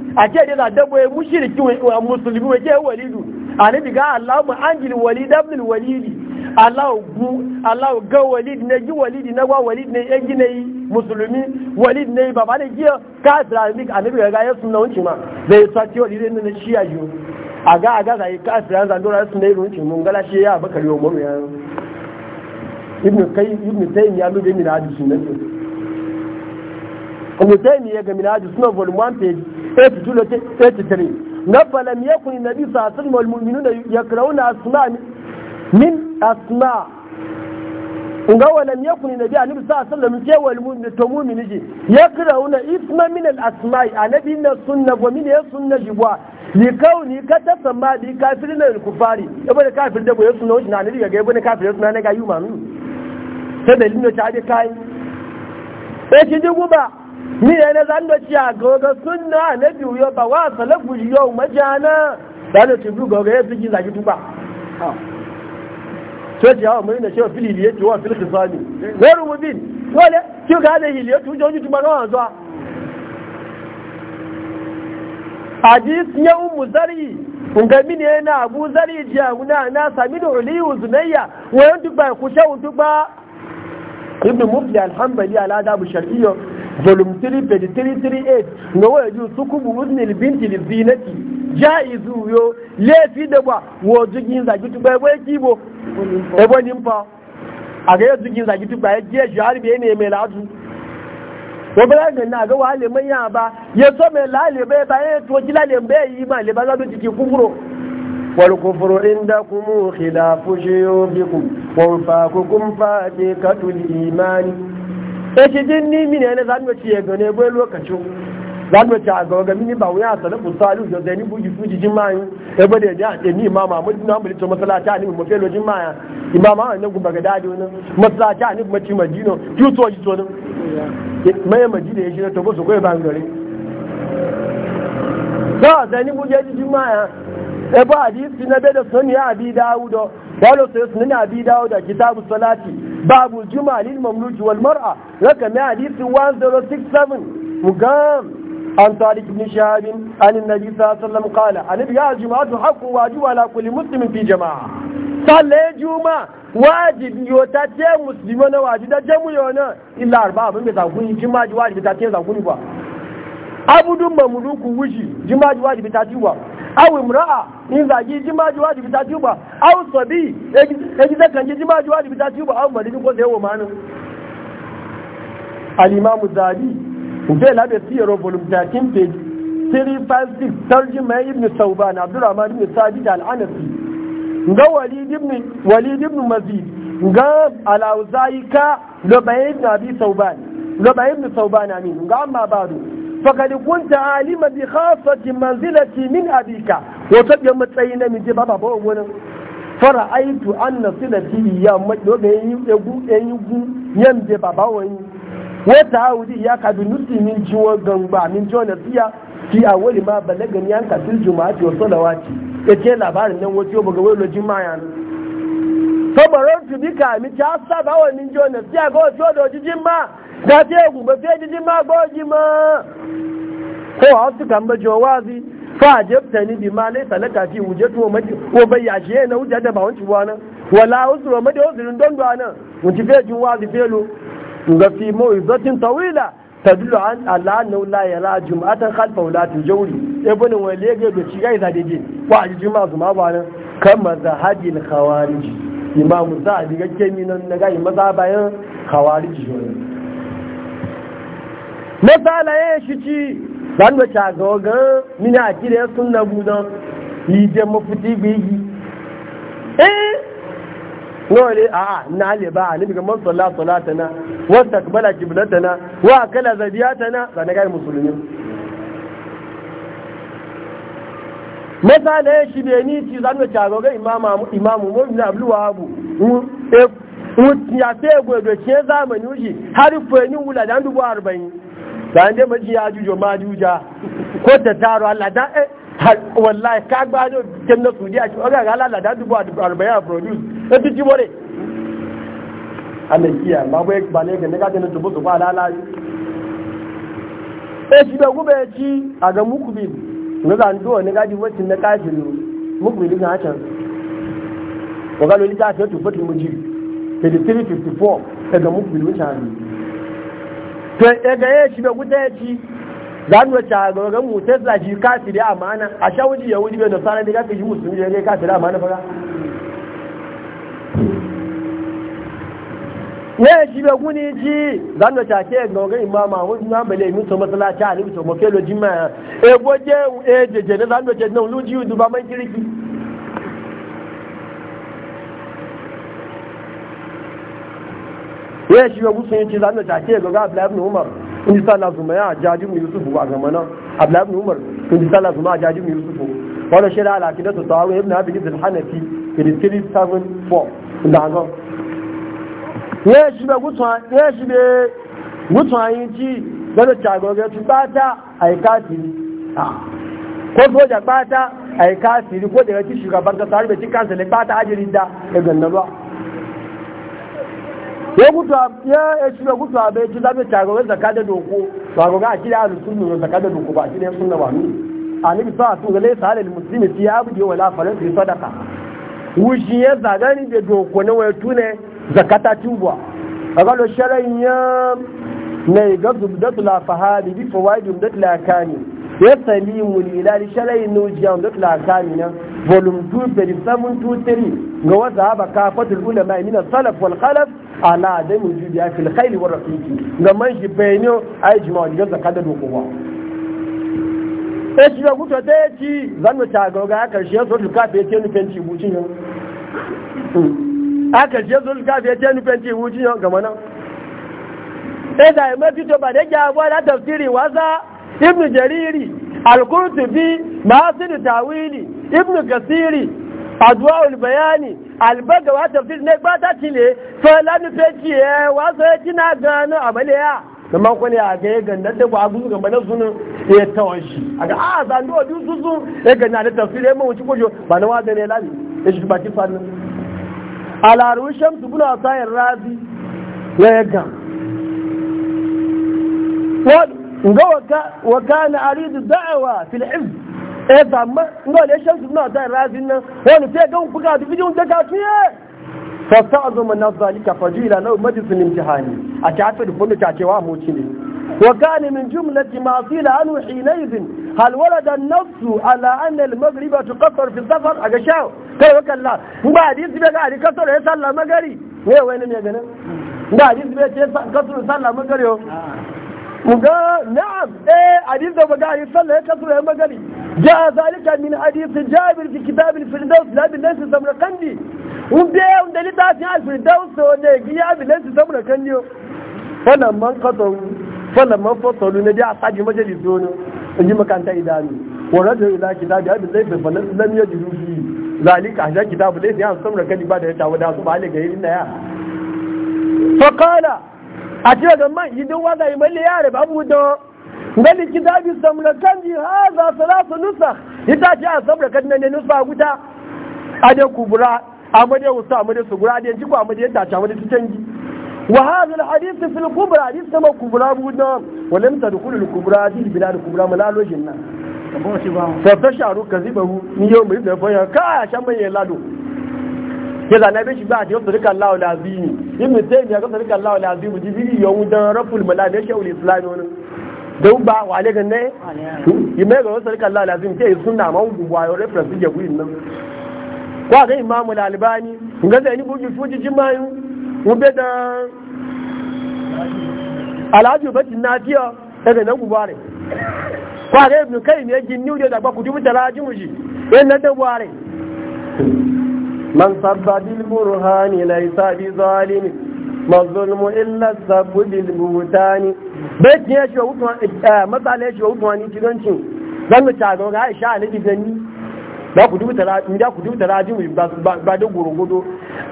a ce da zadabo ya mushiriki wa musulmi wa ke walidu a nabi ga Allah mu anjil walid ibn walidi Allah gu Allah ga walidi na gi walidi na gwa walidi na ya gi ne musulmi walid ne baba ne gi ka islamic a nabi ga ya na wuce ma zai sace walid ne na shiya aga a ga a ga zai ka islam zan dora na yi wuce mun gala shi ya bakari wa mu ya ibn kai ibn tayyib ya lube mi da hadisi nan mutaimi ya ga minaju suna volume 1 page 83 na falam ya kuni nabi sa'asir malmuminu da ya kirauna asma min asma ga walam ya kuni nabi a nabi sa'asir da mace walmuminu ta mumini ji ya kirauna isma min al'asma a nabi na sunna wa min ya sunna jibwa ni ka ta sama bi kafir na kufari ya bada da goyon suna wajen na ga kafin da na ga yi sai da ji guba ni ne na zan doci a gogo sunna na biyu ba wa salafu yau majana da da tibu gogo ya fiki zaki tuba sai ji hawa mai na cewa fili liye ce wa fil sami gairu mubin wala ki ga da hiliye tu onye tuba na wanzu hadis ya ummu zari kun ga mini yana abu zari ji a guna na sami da uliyu zunayya wayan tuba ku sha tuba ibn mufti Alhambali al'adabu ala volume 3 page 338 ga waya ju suku burudin ilbinti lizinati jaizu yo lefi da ba wo jigin zagi tu bai bai bo? ebo nimpa a ga jigin zagi tu bai je jari bai e ne mai laju wo bala ga na ga wale mai ya ba ya so mai lale ba ya e to kila le bai yi ma le ba ga ciki kuburo wal kufru indakum khilafu shuyubikum wa faqukum fatiqatul imani ake jin nimi ne ne zanuwa ciye gane bai lokacin zanuwa ci a gawa gami ni ba wuya a salafu salu da de ni buji fuji jin mayu ya bada ya jaɗe ni ma ma mamu na mulito masalaci a nimi mafelo jin maya imama a nan gumbaga dadi wani masalaci a nimi to majino yuto yi tonin maye majina ya shi na tobo su kawai ban gari za a zai ni buji jin maya ya ba hadisi na bai da sun ya abi do. قالوا سيسنن أبي داود كتاب الصلاة باب الجمعة للمملوك والمرأة رقم حديث 1067 مقام عن طارق بن شهاب عن النبي صلى الله عليه وسلم قال عن يا جماعة حق واجب على كل مسلم في جماعة صلى جمعة واجب يوتاتي مسلمون واجب جمعون إلا أربعة من بتاكوني جمعة واجب بتاكين زاكوني با أبدو مملوك وشي جمعة واجب بتاكي واجب aw imra'a in zagi jimaji wajibi ta tuba aw sabi ya ji zakan ji jimaji wajibi ta tuba aw madini ko da yawo manin al-imamu la be labe ro volume 13 page 356 mai ibn sauban abdurrahman ibn sabit al-anasi ga walid ibn walid ibn mazid ga al-auzaika lo bayin nabi sauban lo bayin sauban amin ga amma baro fakadi kunta alima bi khafati manzilati min abika wato ga matsayi na miji baba ba wani fara aitu an na silati ya majo ga yi egu egu yan je baba wani wata haudi ya kadu nusi min jiwo gangba min jiwo na siya fi a wani ma balagan yan kasil juma'ati wa salawati ya ce labarin nan wato ba ga wani jima'a ne sabarar tubika mi ta saba wani jiwo na siya ga wato da jijin ma gafi ogun guba fiye jijin ma gbogi ma ko a wasu kan bajo wazi fa jefta ni bi ma laisa laka fi wujatu wa ko bai yashe na wuce da ba wanci bwana wala wasu wa mati wasu don fi tawila tadullu an ala annahu la yara jum'atan khalfa ulati jawri ibn walige wọ́n shi gaisa daidai ko a jijin ma su ma bayan masala ya shi ci zan da shagawa gan mini a kira ya sun na budan yi je mafuti bigi eh nore a a na le ba ni biga man salla salatana wa takbala qiblatana wa akala zabiyatana ga na ga musulmi masala ya shi be ni ci zan da shagawa gan imamu imamu mu'min abdul wahab ya fe gwe da ke zamani shi har fani wula da dubu ta yadda maji ya jujo ma juja ko ta taro Allah eh wallahi ka gbajo can na sudi a cikin e ga Allah da dubu a dubu arba'in a produce na titi more Allah ma bai ba ne ga ne ka tubu ba lalaci eh shi da gube a ga muku bi na na ga ga ta tubu mu ji 3354 to daga ya shi da guda ya ci ga mu wace a gaban mutar kafiri amana a sha ya wuji bai da sanar da kafiri musulmi ya kai kafiri amana fara ne shi bai guni ji za mu wace a imama wani na to jima je ejeje na za mu na wuluji ba ya shi wagu sun yi ci zanen da ke gaga abdullahi ibn umar in ji zuma ya jaji mu yusuf ba ga mana abdullahi umar in ji zuma jaji mu yusuf wala shira ala kidatu tawawi ibn abi ibn hanafi it is 374 da ga ya shi be gutwa ya shi be gutwa yin ci da a goge tu bata ai kafiri ko soja bata ai kafiri ko daga ci shugaban kasa har be ci kansa ne bata ajirin da ga nan ba ya shirya gutu a bai jila bai tagogar zaka da doko tagogar a shirya alusun nuna zaka da doko ba shirya sunna ba nu a nabi sa sun galai sa halin musulmi ci ya buge wala sadaka ya zagani da doko na waya zakata a galo ya na ga zubdatu la fahari bi fawaidi umdatu la kani ya umdatu la kani na volume 2 ga wata haba kafatul ulama min salaf wal khalaf ala da mu jubi ya fil khayli wa rafiqi ga man shi bayno ai jima wajen zaka da dokowa sai ya guto da yaci zanu ta ga ga karshe so duka bai ce ni fenti bucin yo aka je zo duka bai ce ni fenti bucin yo ga mana eh da mai fito ba da jawo da tafsiri waza ibnu jariri al-qurtubi nasir tawili ibnu kasiri àdúrà bayani. àlùbọ́gà wà tẹ̀fí ní gbátà tí lè fẹ́ lánúfẹ́ tí ẹ wà sọ ẹ e tí náà gan ní àmàlẹ́ yà ya ga ganda ba guzu gaba na sunan ya tawon shi a ga a zando a biyu susu ya ganda da e ah, e kojo ba na ya ya shi buna sayar razi ya وكان أريد الدعوة في العز ẹ̀fà mọ́ ní ọ̀lẹ́ ṣẹ́sù náà dá ìrázi náà wọ́n tẹ́ gán fúkà àti fídíò jẹ́ káàkiri yẹ́ fọ́sá náà ìlànà ní jihani àti àfẹ́dù fún ìkà àti وكان من جملة ما قيل عنه حينئذ هل ولد النص على أن المغرب تقصر في السفر كيف muga na'am eh hadith da muga yi sallah ya kasu ya magani ja zalika min hadith jabir fi kitab al firdaus la bil nas samrqandi un be un da litafi al firdaus so ne giya bil nas samrqandi wannan man qatahu falan man fatalu ne ja saji majalis dono in ji makanta idani wa da ila kitab ya abi zai fa lam yajidu fi zalika ahda kitabu laysa ya samrqandi ba da ya tawo su ba le ga yin ya fa qala a ga man yi duk wanda imali yare babu da ngali kitabi samlakan ji haza salatu nusa ita ce a sabra nan ne nusa guta a da kubura amade made wusa a made sugura a da yanci ko yadda ta made tutanji wa hadha al hadith fi al kubra hadith sama kubra budna wa lam tadkhul al kubra di bilal kubra malalo jinna fa tasharu kazibahu ni yau mai da fanya ya ka shan mai lado ya zana bai shi ba a jiyon turika lawa da azimi ibn taymiya ga turika lawa da azimi ji bi yawun dan raful malami shawul islami wani don ba wa ne ganne yi mai ga turika lawa da azimi sai sunna ma wudu wa yau reference ya guyin nan ko a ga imamu lalibani ga da ni buji fuji jimayu mu be da alhaji batin nafiya daga nan gubare ko a ga ibn kai ne ginniu da ba ku dubu da rajimu shi yan nan da gubare من صب بالبرهان ليس بظالم ما الظلم إلا الصب بالبوتان بيت يا شو مثلا يا شو وطواني تغنشي zan ga tagon ga Aisha ne gani da ku dubu talatin da ku dubu talatin ba da gorogodo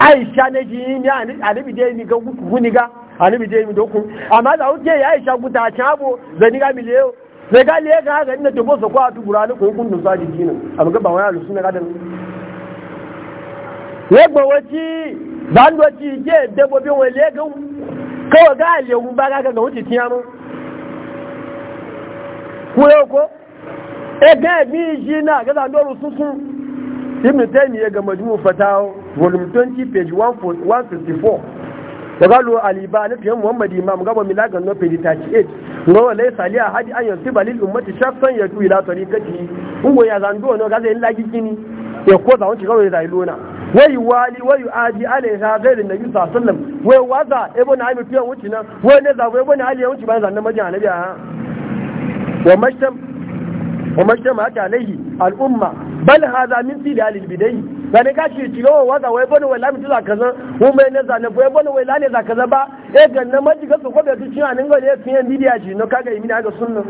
Aisha ne ji ni alibi dai ni ga guni ga alibi dai mi doku amma da uke ya Aisha ku ta chabo zani ga mi leo sai ga le ga ga ni to bo so kwa tu burani ku kun dun sa ji kinin amma ga ba wani alusun ga dan yagba wace ba ni wace ke dabbobin wani ga kawai ga alewu ba ga ga wuce tiya mu ku yau ko e ga mi shi na ga da ndoru susu ibn taymiya ga majmu fatawa volume 20 page 154 daga lo aliba na fiye muhammad imam gaba milagan no page 38 ngawa lai saliya hadi an yansu balil ummati shafan ya tu ila tariqati ungo ya zando no ga zai lagi kini ya kawai zai wai wali wai aji ala ya zai da nabi sallam wai waza ebo na ami fiyan wuci nan wai ne zago ebo na ali ya wuci bayan zanna majin annabi a wa mashtam wa mashtam haka alaihi al'umma bal hadha min fil al bidai zane ka shi tiro wa waza wai bane wai lamitu za kaza mu mai ne zane wai bane wai lane za kaza ba e ganna ka su ko da cin anin ga ne fiyan bidiya shi no kaga imina ga sunna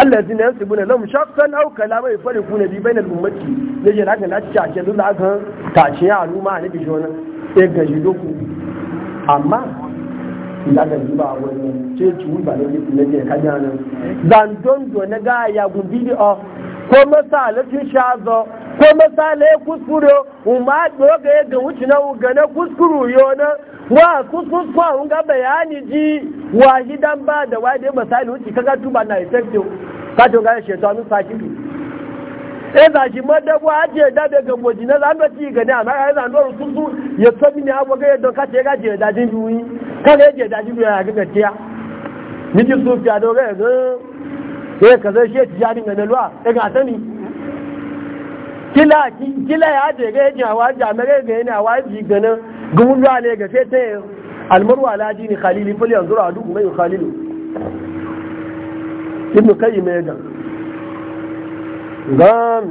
allazina yansibuna lahum shaqqan aw kalama yafariquna bi bainal ummati ne je lakin lati tace dun aka tace ya aluma ne bi jona e gaji doku amma ila ga ba wani ce ci ba ne ne ka jana dan don do na ga ya gubi o ko masalacin shazo ko masalai kuskure umma ya ga na kuskuru yona wa kuskus kwa ga bayani ji ba da wa misali kaga tuba na effective ka to ga mun saki e madabu da daga na zan ci gani amma ai zan dora kusu ya sami ne abu ga yadda ka ce ga je da jin juyi kada je da jin juyi ga miji sufiya ga sai eh, ka zai shi tijani ga nalwa ya eh, ga sani kila kila ya je ga yaji hawa jami'ai ga yana waji ganin gumun ruwa ne ga sai ta almarwa laji ne khalili fil yanzu ra duk mai khalilu ibnu kayyim ya ga gan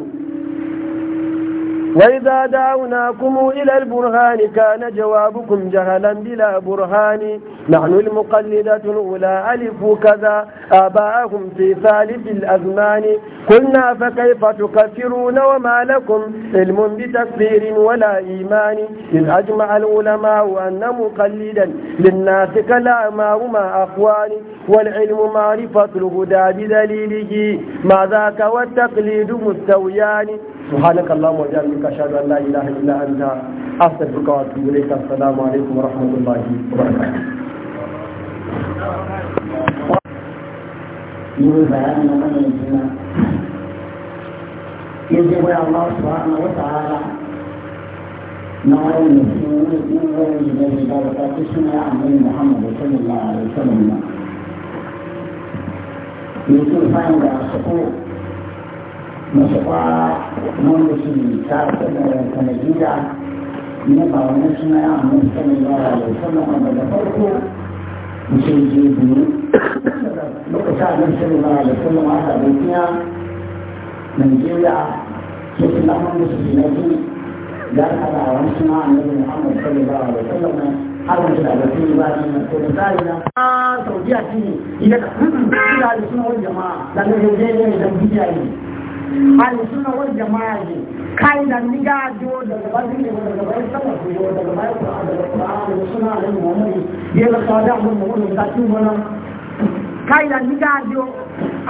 وإذا دعوناكم إلى البرهان كان جوابكم جهلا بلا برهان نحن المقلدة الأولى ألف كذا آباءهم في ثالث الأزمان قلنا فكيف تكفرون وما لكم علم بتكفير ولا إيمان إذ أجمع العلماء أن مقلدا للناس كلامهما أخوان والعلم معرفة الهدى بدليله ما ذاك والتقليد مستويان سبحانك اللهم وبحمدك اشهد ان لا اله الا انت استغفرك واتوب اليك السلام عليكم ورحمه الله وبركاته يجب الله سبحانه وتعالى المسلمين سنة محمد صلى الله عليه وسلم يجب فعل الصقور nasaba mwendo ta kama jira ne ba wani suna ya amma sallallahu alaihi wasallam amma da farko mutum je biyu lokacin annabi sallallahu alaihi wasallam aka daukiya Najeriya sai kuma mun da su sinaki da aka da wani suna annabi Muhammad sallallahu alaihi wasallam har wani da wata yi ba shi na ko da tsari na a Saudiya shi ne idan ka kuma da suna wani jama'a da na yau ne da ahli sunna wal jama'a ne kai da ni ga jo da gabatin da daga bayan sama ko daga bayan Qur'an da Qur'an da sunna da Muhammad ya la sada mun mun da tu mana kai da ni ga jo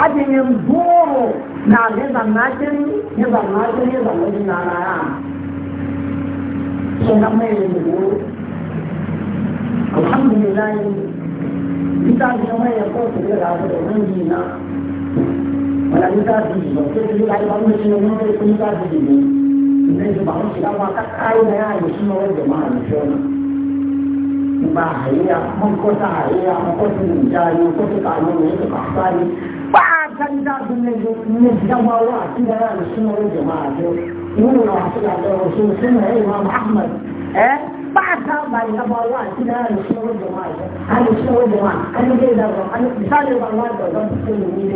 ajin yan boro na ga da najin ya da najin ya da najin na na ya so na mai ne alhamdulillah ita ga mai ya ko da ga da na 本来就干自己的，这是来咱们新闻公司公干自己的，那是忙起来话，他开门啊，有新闻怎么你说呢？你把海呀，孟过是海呀，孟过是你家，有过是打油，没是打沙的，叭，他一下子那就那几样娃娃，今天让你新闻怎么就，因为老师讲的，我说新闻有嘛麻烦，哎。bata bai na ba wa shi na da shi wajen wa shi an shi wajen wa an yi da ba an yi misali ba wa da ban su ne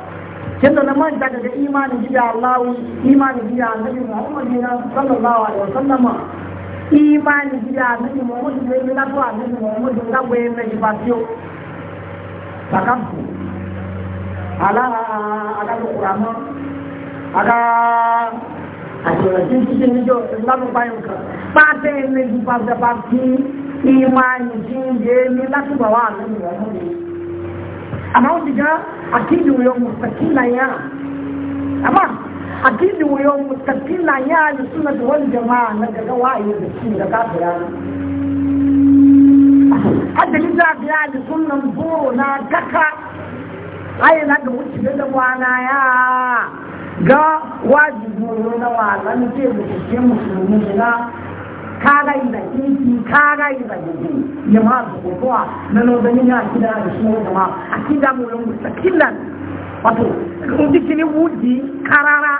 yadda na manta daga imanin jiya Allah imanin jiya Annabi Muhammad sallallahu alaihi wasallam imanin jiya Annabi Muhammad ne ne na to Annabi Muhammad da gwe ne ji fasiyo takam ala ala Qur'an ala ajola tin tin ni jo la mo bayo ka pa te ne ji pa da pa imanin jiya ni la tu Annabi Muhammad amma wani ga akidi wuyon na ya amma akidi wuyon na ya da suna da wani jama'a na daga wayo da shi da kafira hadda ni za biya da sunan boro na kaka ayi na da wuce da wana ya ga wajibi na wa nan ke da cikin musulmi na kaga iza kinki kaga iza kinki jama'a su kokowa na nozanin ya akida da shi ne jama'a akida mu ran mustaqilan wato in dikini wuji karara